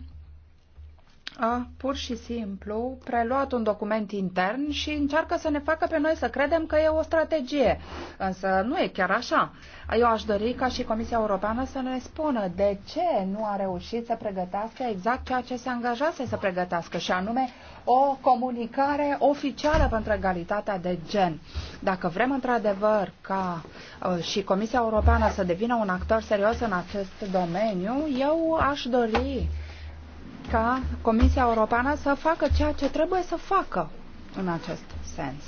a pur și simplu preluat un document intern și încearcă să ne facă pe noi să credem că e o strategie. Însă nu e chiar așa. Eu aș dori ca și Comisia Europeană să ne spună de ce nu a reușit să pregătească exact ceea ce se angajase să pregătească, și anume o comunicare oficială pentru egalitatea de gen. Dacă vrem într-adevăr ca uh, și Comisia Europeană să devină un actor serios în acest domeniu, eu aș dori ca Comisia Europeană să facă ceea ce trebuie să facă în acest sens.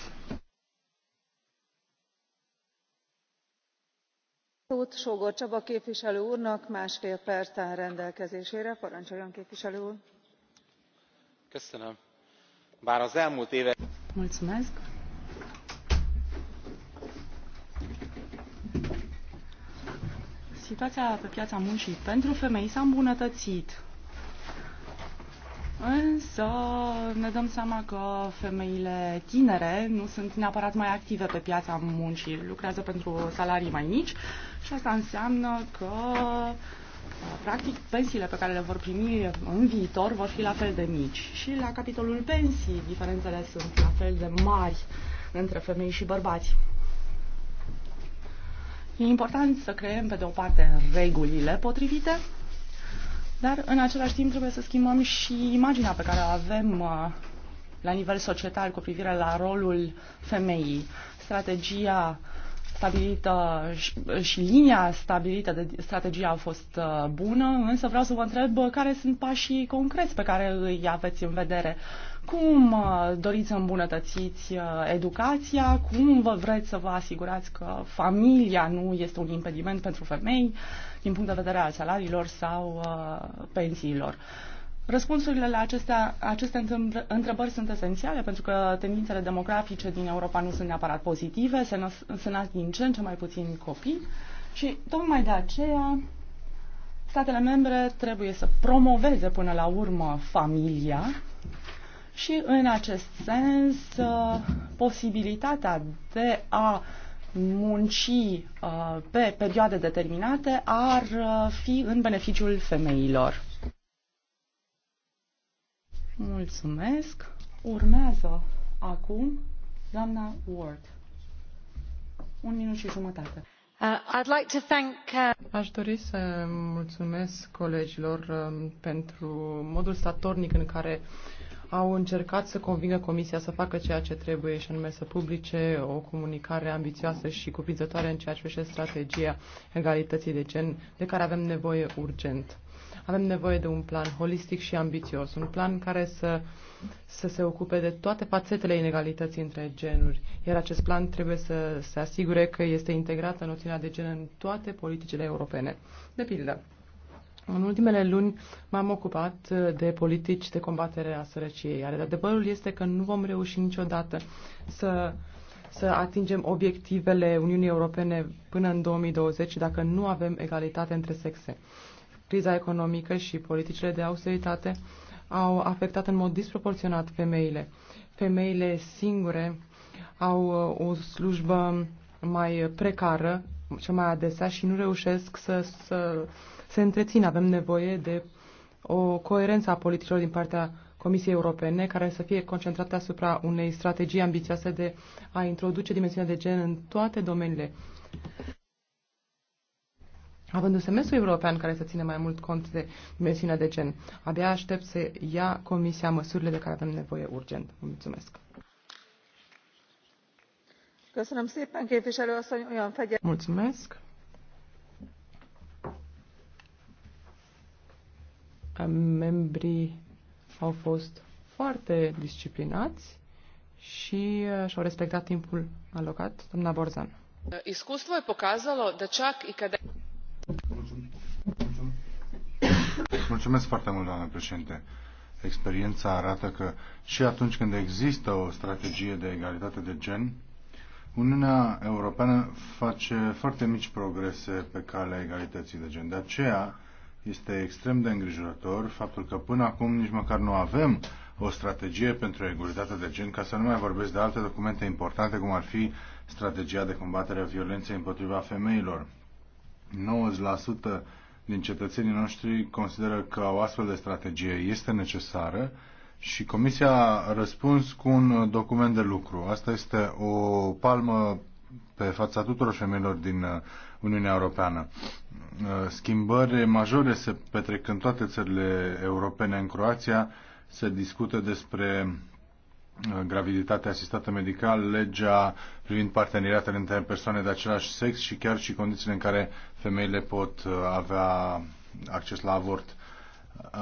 Szót Sógor Csaba képviselő úrnak másfél perc áll rendelkezésére. Parancsoljon képviselő úr! Köszönöm. Bár az elmúlt évek... Mulțumesc. Situația pe piața muncii pentru femei s-a îmbunătățit Însă ne dăm seama că femeile tinere nu sunt neapărat mai active pe piața muncii, lucrează pentru salarii mai mici și asta înseamnă că practic pensiile pe care le vor primi în viitor vor fi la fel de mici. Și la capitolul pensii diferențele sunt la fel de mari între femei și bărbați. E important să creăm, pe de o parte, regulile potrivite dar, în același timp, trebuie să schimbăm și imaginea pe care o avem uh, la nivel societal cu privire la rolul femeii. Strategia stabilită și, uh, linia stabilită de strategie a fost uh, bună, însă vreau să vă întreb care sunt pașii concreți pe care îi aveți în vedere cum uh, doriți să îmbunătățiți uh, educația, cum vă vreți să vă asigurați că familia nu este un impediment pentru femei din punct de vedere al salariilor sau uh, pensiilor. Răspunsurile la acestea, aceste întrebări sunt esențiale pentru că tendințele demografice din Europa nu sunt neapărat pozitive, se, nas- se nasc din ce în ce mai puțin copii și tocmai de aceea statele membre trebuie să promoveze până la urmă familia și în acest sens uh, posibilitatea de a munci uh, pe perioade determinate ar uh, fi în beneficiul femeilor. Mulțumesc. Urmează acum doamna Ward. Un minut și jumătate. I'd like to thank... Aș dori să mulțumesc colegilor pentru modul statornic în care uh, au încercat să convingă Comisia să facă ceea ce trebuie și anume să publice o comunicare ambițioasă și cuprinzătoare în ceea ce privește strategia egalității de gen de care avem nevoie urgent. Avem nevoie de un plan holistic și ambițios, un plan care să, să se ocupe de toate fațetele inegalității între genuri, iar acest plan trebuie să se asigure că este integrată noțiunea de gen în toate politicile europene. De pildă, în ultimele luni m-am ocupat uh, de politici de combatere a sărăciei, iar adevărul este că nu vom reuși niciodată să, să atingem obiectivele Uniunii Europene până în 2020 dacă nu avem egalitate între sexe. Criza economică și politicile de austeritate au afectat în mod disproporționat femeile. Femeile singure au uh, o slujbă mai precară, cel mai adesea, și nu reușesc să, să se întrețină. Avem nevoie de o coerență a politicilor din partea Comisiei Europene, care să fie concentrată asupra unei strategii ambițioase de a introduce dimensiunea de gen în toate domeniile. Având un semestru european care să ține mai mult cont de dimensiunea de gen, abia aștept să ia Comisia măsurile de care avem nevoie urgent. mulțumesc! Mulțumesc! membrii au fost foarte disciplinați și uh, și-au respectat timpul alocat. Doamna Borzan. Iscustvo je pokazalo da čak i kada... Mulțumesc foarte mult, doamnă președinte. Experiența arată că și atunci când există o strategie de egalitate de gen, Uniunea Europeană face foarte mici progrese pe calea egalității de gen. De aceea, este extrem de îngrijorător faptul că până acum nici măcar nu avem o strategie pentru egalitatea de gen, ca să nu mai vorbesc de alte documente importante, cum ar fi strategia de combatere a violenței împotriva femeilor. 90% din cetățenii noștri consideră că o astfel de strategie este necesară și Comisia a răspuns cu un document de lucru. Asta este o palmă pe fața tuturor femeilor din Uniunea Europeană. Uh, Schimbări majore se petrec în toate țările europene. În Croația se discută despre uh, graviditatea asistată medical, legea privind parteneriatele între persoane de același sex și chiar și condițiile în care femeile pot uh, avea acces la avort.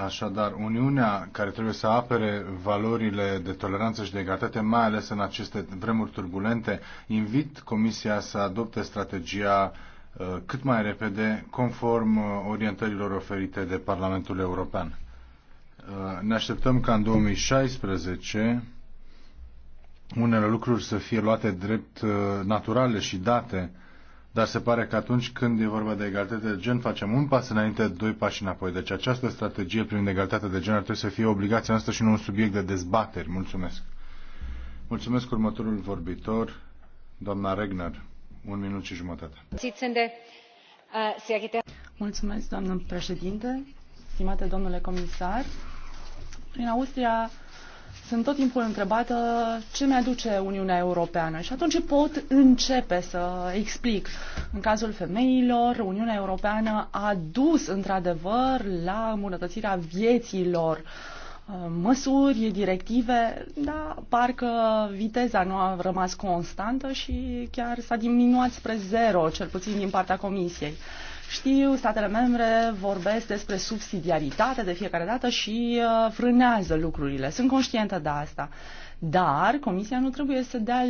Așadar, Uniunea care trebuie să apere valorile de toleranță și de egalitate, mai ales în aceste vremuri turbulente, invit Comisia să adopte strategia uh, Uh, cât mai repede, conform uh, orientărilor oferite de Parlamentul European. Uh, ne așteptăm ca în 2016 unele lucruri să fie luate drept naturale și date, dar se pare că atunci când e vorba de egalitate de gen, facem un pas înainte, doi pași înapoi. Deci această strategie prin egalitatea de gen ar trebui să fie obligația noastră și nu un subiect de dezbateri. Mulțumesc. Mulțumesc următorul vorbitor, doamna Regner. Un minut și jumătate. Uh, Mulțumesc, doamnă președinte, stimate domnule comisar. În Austria sunt tot timpul întrebată ce mi-aduce Uniunea Europeană și atunci pot începe să explic. În cazul femeilor, Uniunea Europeană a dus într-adevăr la îmbunătățirea vieților uh, Uh, măsuri, directive, dar parcă viteza nu a rămas constantă și chiar s-a diminuat spre zero, cel puțin din partea Comisiei. Știu, statele membre vorbesc despre subsidiaritate de fiecare dată și uh, frânează lucrurile. Sunt conștientă de asta. Dar Comisia nu trebuie să dea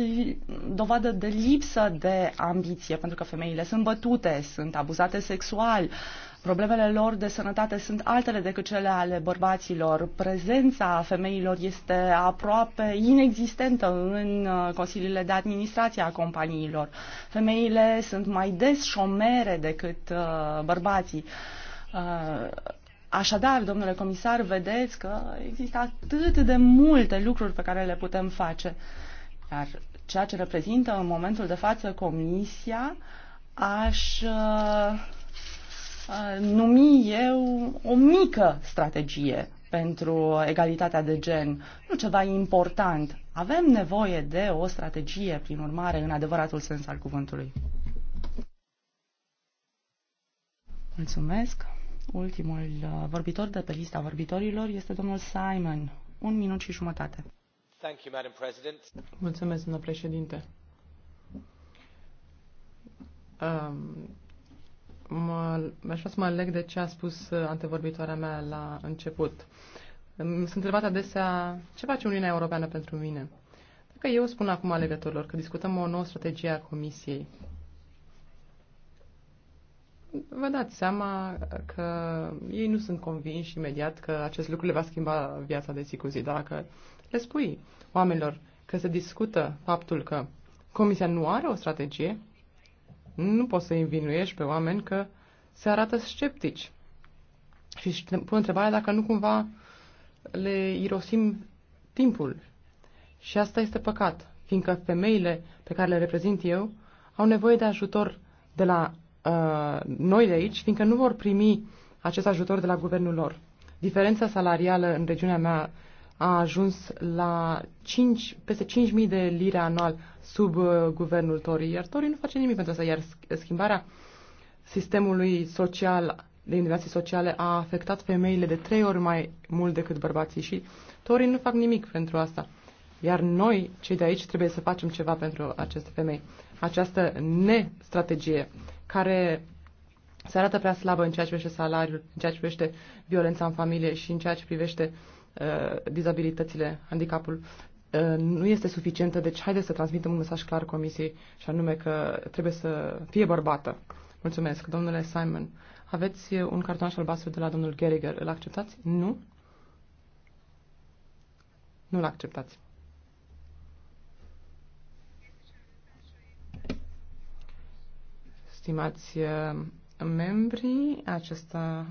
dovadă de lipsă de ambiție, pentru că femeile sunt bătute, sunt abuzate sexual, uh, Problemele lor de sănătate sunt altele decât cele ale bărbaților. Prezența femeilor este aproape inexistentă în uh, consiliile de administrație a companiilor. Femeile sunt mai des șomere decât uh, bărbații. Uh, așadar, domnule comisar, vedeți că există atât de multe lucruri pe care le putem face. Iar ceea ce reprezintă în momentul de față comisia, aș Uh, numi eu o mică strategie pentru egalitatea de gen, nu ceva important. Avem nevoie de o strategie, prin urmare, în adevăratul sens al cuvântului. Mulțumesc. Ultimul uh, vorbitor de pe lista vorbitorilor este domnul Simon. Un minut și jumătate. Mulțumesc, domnule președinte. Um mă, aș vrea să mă aleg de ce a spus uh, antevorbitoarea mea la început. Sunt întrebat adesea ce face Uniunea Europeană pentru mine. Dacă eu spun acum alegătorilor că discutăm o nouă strategie a Comisiei, vă dați seama că ei nu sunt convinși imediat că acest lucru le va schimba viața de zi cu zi. Dacă le spui oamenilor că se discută faptul că Comisia nu are o strategie, nu poți să i învinuiești pe oameni că se arată sceptici. Și pun întrebarea dacă nu cumva le irosim timpul. Și asta este păcat, fiindcă femeile pe care le reprezint eu au nevoie de ajutor de la uh, noi de aici, fiindcă nu vor primi acest ajutor de la guvernul lor. Diferența salarială în regiunea mea a ajuns la 5, peste 5.000 de lire anual sub uh, guvernul Tory, iar Tory nu face nimic pentru asta, iar schimbarea sistemului social de indemnizații sociale a afectat femeile de trei ori mai mult decât bărbații și Tori nu fac nimic pentru asta. Iar noi, cei de aici, trebuie să facem ceva pentru aceste femei. Această nestrategie care se arată prea slabă în ceea ce privește salariul, în ceea ce privește violența în familie și în ceea ce privește Uh, dizabilitățile, handicapul, uh, nu este suficientă, deci haideți să transmitem un mesaj clar comisiei și anume că trebuie să fie bărbată. Mulțumesc, domnule Simon. Aveți un cartonaș albastru de la domnul Geriger. Îl acceptați? Nu? Nu-l acceptați. Stimați uh, membrii, acesta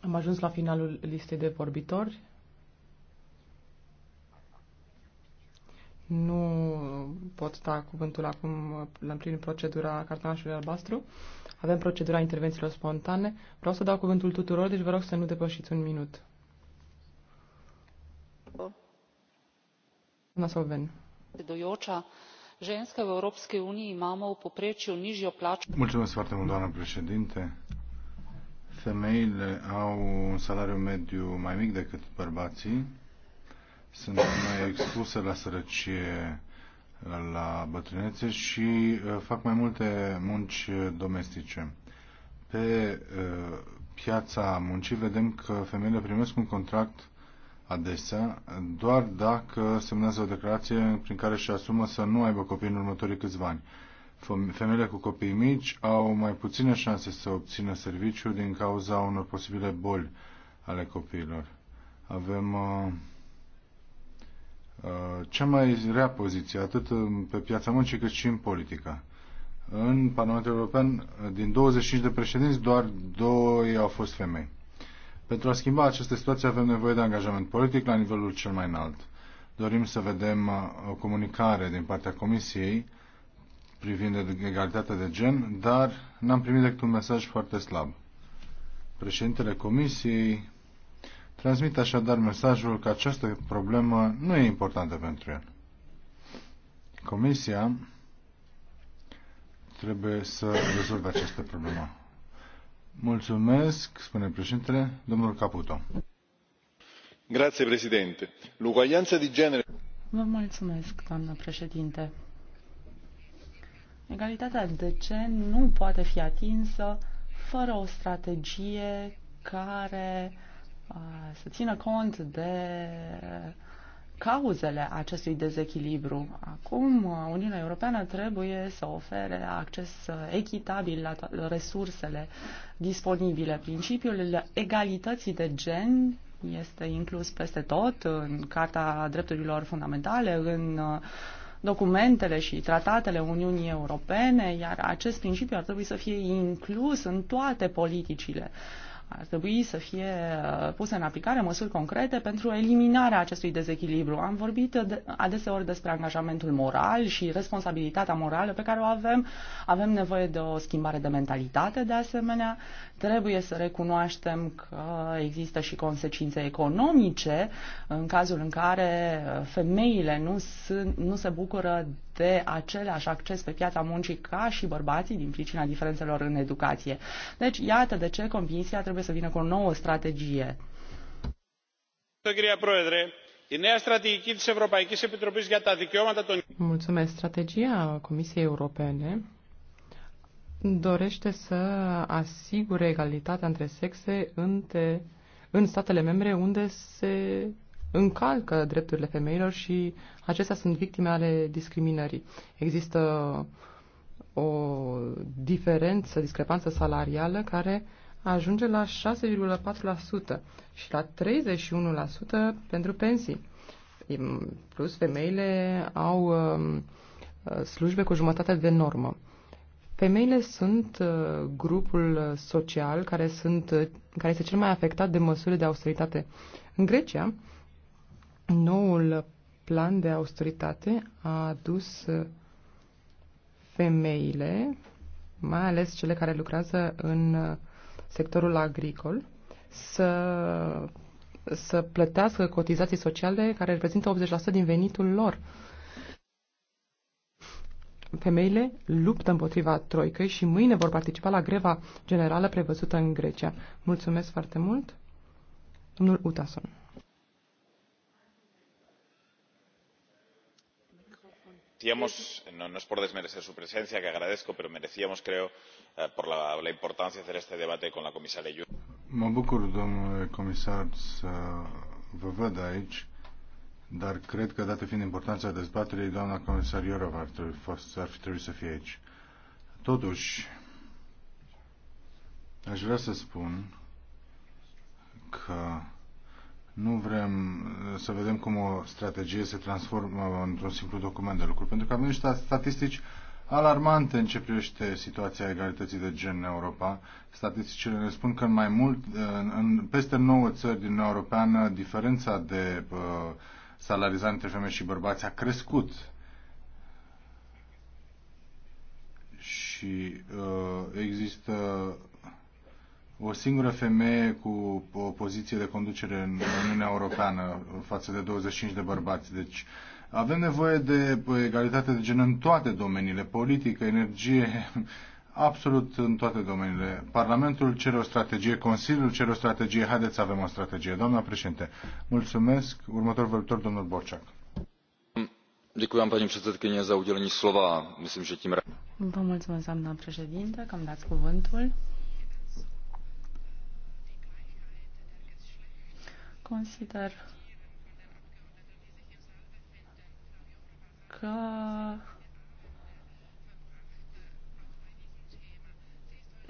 am ajuns la finalul listei de vorbitori. Nu pot sta da cuvântul acum la prin procedura cartonașului albastru. Avem procedura intervențiilor spontane. Vreau să dau cuvântul tuturor, deci vă rog să nu depășiți un minut. Doamna Solven. Doioča, ženske v Evropskei uniji imamo v nici o plačo. Mulțumesc foarte mult, doamnă președinte Femeile au un salariu mediu mai mic decât bărbații, sunt mai expuse la sărăcie, la bătrânețe și uh, fac mai multe munci domestice. Pe uh, piața muncii vedem că femeile primesc un contract adesea doar dacă semnează o declarație prin care își asumă să nu aibă copii în următorii câțiva ani. Femeile cu copii mici au mai puține șanse să obțină serviciu din cauza unor posibile boli ale copiilor. Avem uh, uh, cea mai rea poziție, atât pe piața muncii cât și în politică. În Parlamentul European, din 25 de președinți, doar doi au fost femei. Pentru a schimba aceste situații avem nevoie de angajament politic la nivelul cel mai înalt. Dorim să vedem uh, o comunicare din partea Comisiei privind egalitatea de gen, dar n-am primit decât un mesaj foarte slab. Președintele Comisiei transmite așadar mesajul că această problemă nu e importantă pentru el. Comisia trebuie să rezolve această problemă. Mulțumesc, spune președintele, domnul Caputo. Grazie, președinte. L'uguaglianza di genere. Vă mulțumesc, doamnă președinte. Egalitatea de gen nu poate fi atinsă fără o strategie care uh, să țină cont de cauzele acestui dezechilibru. Acum, uh, Uniunea Europeană trebuie să ofere acces uh, echitabil la resursele disponibile. Principiul egalității de gen este inclus peste tot în Carta Drepturilor Fundamentale, în documentele și tratatele Uniunii Europene, iar acest principiu ar trebui să fie inclus în toate politicile. Ar trebui să fie uh, puse în aplicare măsuri concrete pentru eliminarea acestui dezechilibru. Am vorbit adeseori despre angajamentul moral și responsabilitatea morală pe care o avem. Avem nevoie de o schimbare de mentalitate, de asemenea, Trebuie să recunoaștem că există și consecințe economice în cazul în care femeile nu, sunt, nu se bucură de același acces pe piața muncii ca și bărbații din pricina diferențelor în educație. Deci, iată de ce Comisia trebuie să vină cu o nouă strategie. Mulțumesc. Adică Strategia Comisiei Europene dorește să asigure egalitatea între sexe între, în statele membre unde se încalcă drepturile femeilor și acestea sunt victime ale discriminării. Există o diferență, discrepanță salarială care ajunge la 6,4% și la 31% pentru pensii. Plus, femeile au um, uh, slujbe cu jumătate de normă. Femeile sunt uh, grupul uh, social care, sunt, uh, care este cel mai afectat de măsuri de austeritate. În Grecia, noul plan de austeritate a adus femeile, mai ales cele care lucrează în sectorul agricol, să, să plătească cotizații sociale care reprezintă 80% din venitul lor. Uh, Femeile luptă împotriva troicăi și mâine vor participa la greva generală prevăzută în Grecia. Mulțumesc foarte mult, domnul Utason. Decíamos, no, no es por desmerecer su presencia, que agradezco, pero merecíamos, creo, eh, por la, la importancia de hacer este debate con la comisaria Mă comisar, vă văd aici dar cred că, dată fiind importanța dezbaterii, doamna comisar Iorov ar, trebui, ar fi trebuit să fie aici. Totuși, aș vrea să spun că nu vrem să vedem cum o strategie se transformă într-un simplu document de lucru, pentru că avem niște statistici alarmante în ce privește situația egalității de gen în Europa. Statisticile ne spun că în mai mult, în, în peste 9 țări din Uniunea Europeană, diferența de uh, salarizat între femei și bărbați a crescut și uh, există o singură femeie cu o poziție de conducere în Uniunea Europeană față de 25 de bărbați. Deci avem nevoie de uh, egalitate de gen în toate domeniile, politică, energie, absolut în toate domeniile. Parlamentul cere o strategie, Consiliul cere o strategie, haideți să avem o strategie. Doamna președinte, mulțumesc. Următorul vorbitor, domnul Borciac. Děkuji paní předsedkyně, za udělení slova. Myslím, že tím... Vă mulțumesc, doamna președinte, că îmi dați cuvântul. Consider că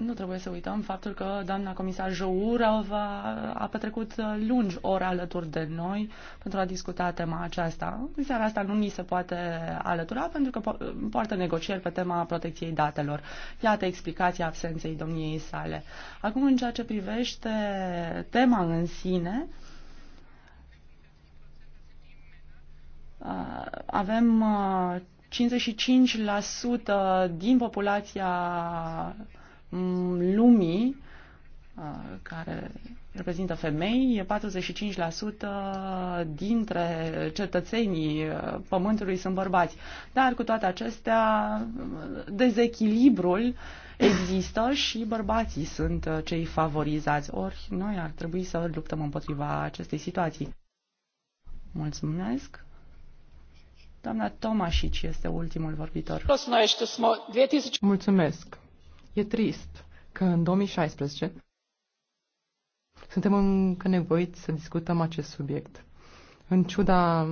Nu trebuie să uităm faptul că doamna comisar va, a petrecut uh, lungi ore alături de noi pentru a discuta tema aceasta. În seara asta nu ni se poate alătura pentru că po- uh, poartă negocieri pe tema protecției datelor. Iată explicația absenței domniei sale. Acum, în ceea ce privește tema în sine, uh, avem 55% din populația Mm, lumii uh, care reprezintă femei, 45% dintre cetățenii uh, pământului sunt bărbați. Dar cu toate acestea, uh, dezechilibrul există și bărbații sunt cei favorizați. Ori noi ar trebui să luptăm împotriva acestei situații. Mulțumesc. Doamna Tomașici este ultimul vorbitor. Mulțumesc. E trist că în 2016 suntem încă nevoiți să discutăm acest subiect. În ciuda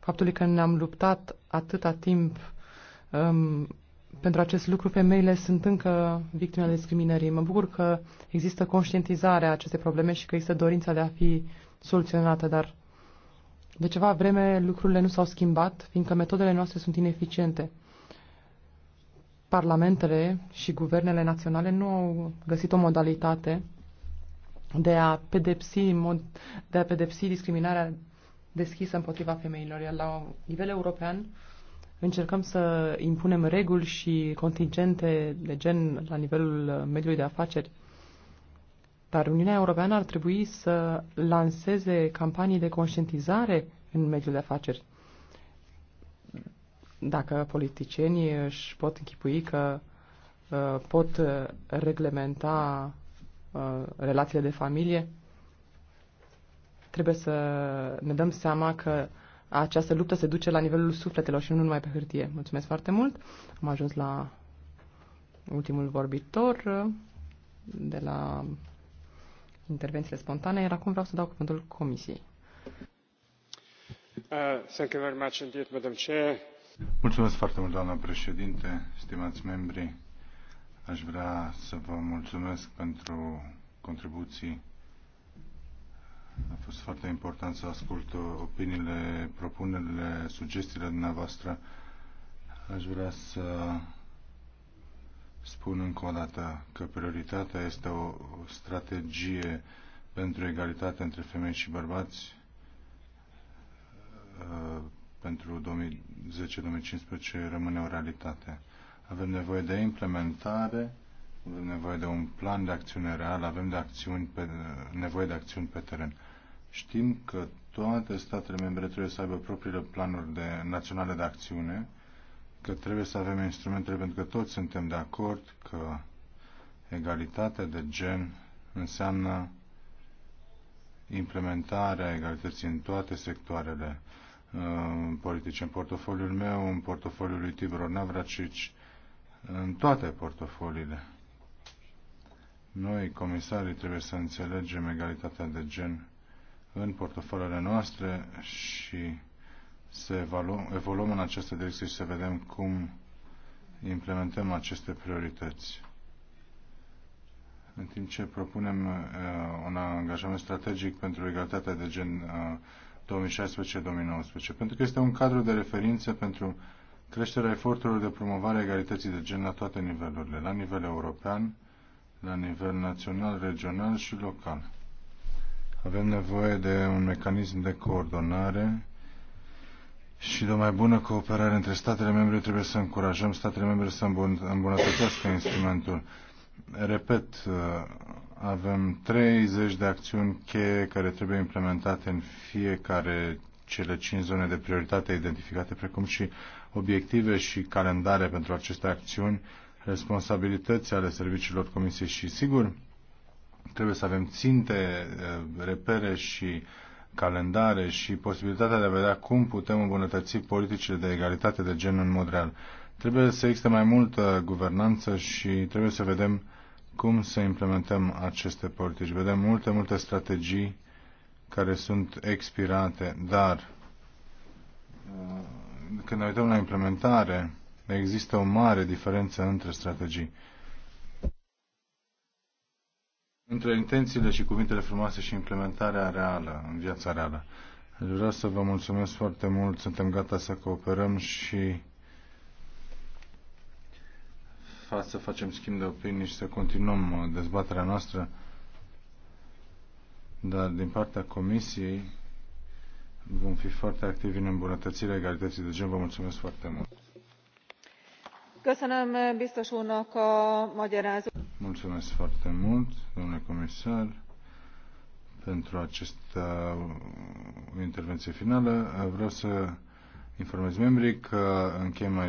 faptului că ne-am luptat atâta timp um, pentru acest lucru, femeile sunt încă victime ale discriminării. Mă bucur că există conștientizarea acestei probleme și că există dorința de a fi soluționată, dar de ceva vreme lucrurile nu s-au schimbat, fiindcă metodele noastre sunt ineficiente parlamentele și guvernele naționale nu au găsit o modalitate de a pedepsi, de a pedepsi discriminarea deschisă împotriva femeilor. Iar la nivel european încercăm să impunem reguli și contingente de gen la nivelul mediului de afaceri. Dar Uniunea Europeană ar trebui să lanseze campanii de conștientizare în mediul de afaceri. Dacă politicienii își pot închipui că uh, pot uh, reglementa uh, relațiile de familie, trebuie să ne dăm seama că această luptă se duce la nivelul sufletelor și nu numai pe hârtie. Mulțumesc foarte mult. Am ajuns la ultimul vorbitor de la intervențiile spontane, iar acum vreau să dau cuvântul Comisiei. Uh, thank you very much indeed, Madam Chair. Mulțumesc foarte mult, doamna președinte, stimați membri. Aș vrea să vă mulțumesc pentru contribuții. A fost foarte important să ascult opiniile, propunerile, sugestiile dumneavoastră. Aș vrea să spun încă o dată că prioritatea este o strategie pentru egalitate între femei și bărbați pentru 2010-2015 rămâne o realitate. Avem nevoie de implementare, avem nevoie de un plan de acțiune real, avem de acțiuni pe, nevoie de acțiuni pe teren. Știm că toate statele membre trebuie să aibă propriile planuri de, naționale de acțiune, că trebuie să avem instrumentele pentru că toți suntem de acord că egalitatea de gen înseamnă implementarea egalității în toate sectoarele politice. În portofoliul meu, în portofoliul lui Tibor Navracici, în toate portofoliile. Noi, comisarii, trebuie să înțelegem egalitatea de gen în portofoliile noastre și să evoluăm în această direcție și să vedem cum implementăm aceste priorități. În timp ce propunem uh, un angajament strategic pentru egalitatea de gen uh, 2016-2019, pentru că este un cadru de referință pentru creșterea eforturilor de promovare a egalității de gen la toate nivelurile, la nivel european, la nivel național, regional și local. Avem nevoie de un mecanism de coordonare și de o mai bună cooperare între statele membre. Trebuie să încurajăm statele membre să îmbunătățească instrumentul. Repet, avem 30 de acțiuni cheie care trebuie implementate în fiecare cele 5 zone de prioritate identificate, precum și obiective și calendare pentru aceste acțiuni, responsabilități ale serviciilor Comisiei și, sigur, trebuie să avem ținte, eh, repere și calendare și posibilitatea de a vedea cum putem îmbunătăți politicile de egalitate de gen în mod real. Trebuie să existe mai multă guvernanță și trebuie să vedem uh, cum să implementăm aceste politici. Vedem multe, multe strategii care sunt expirate, dar uh, când ne uităm la implementare, există o mare diferență între strategii. Între intențiile și cuvintele frumoase și implementarea reală, în viața reală. Vreau să vă mulțumesc foarte mult, suntem gata să cooperăm și fa- să facem schimb de opinii și să continuăm uh, dezbaterea noastră, dar din partea Comisiei vom fi foarte activi în îmbunătățirea egalității de gen. Vă mulțumesc foarte mult! Eh, mulțumesc foarte mult, domnule comisar, pentru această uh, intervenție finală. Vreau să informez membrii că încheiem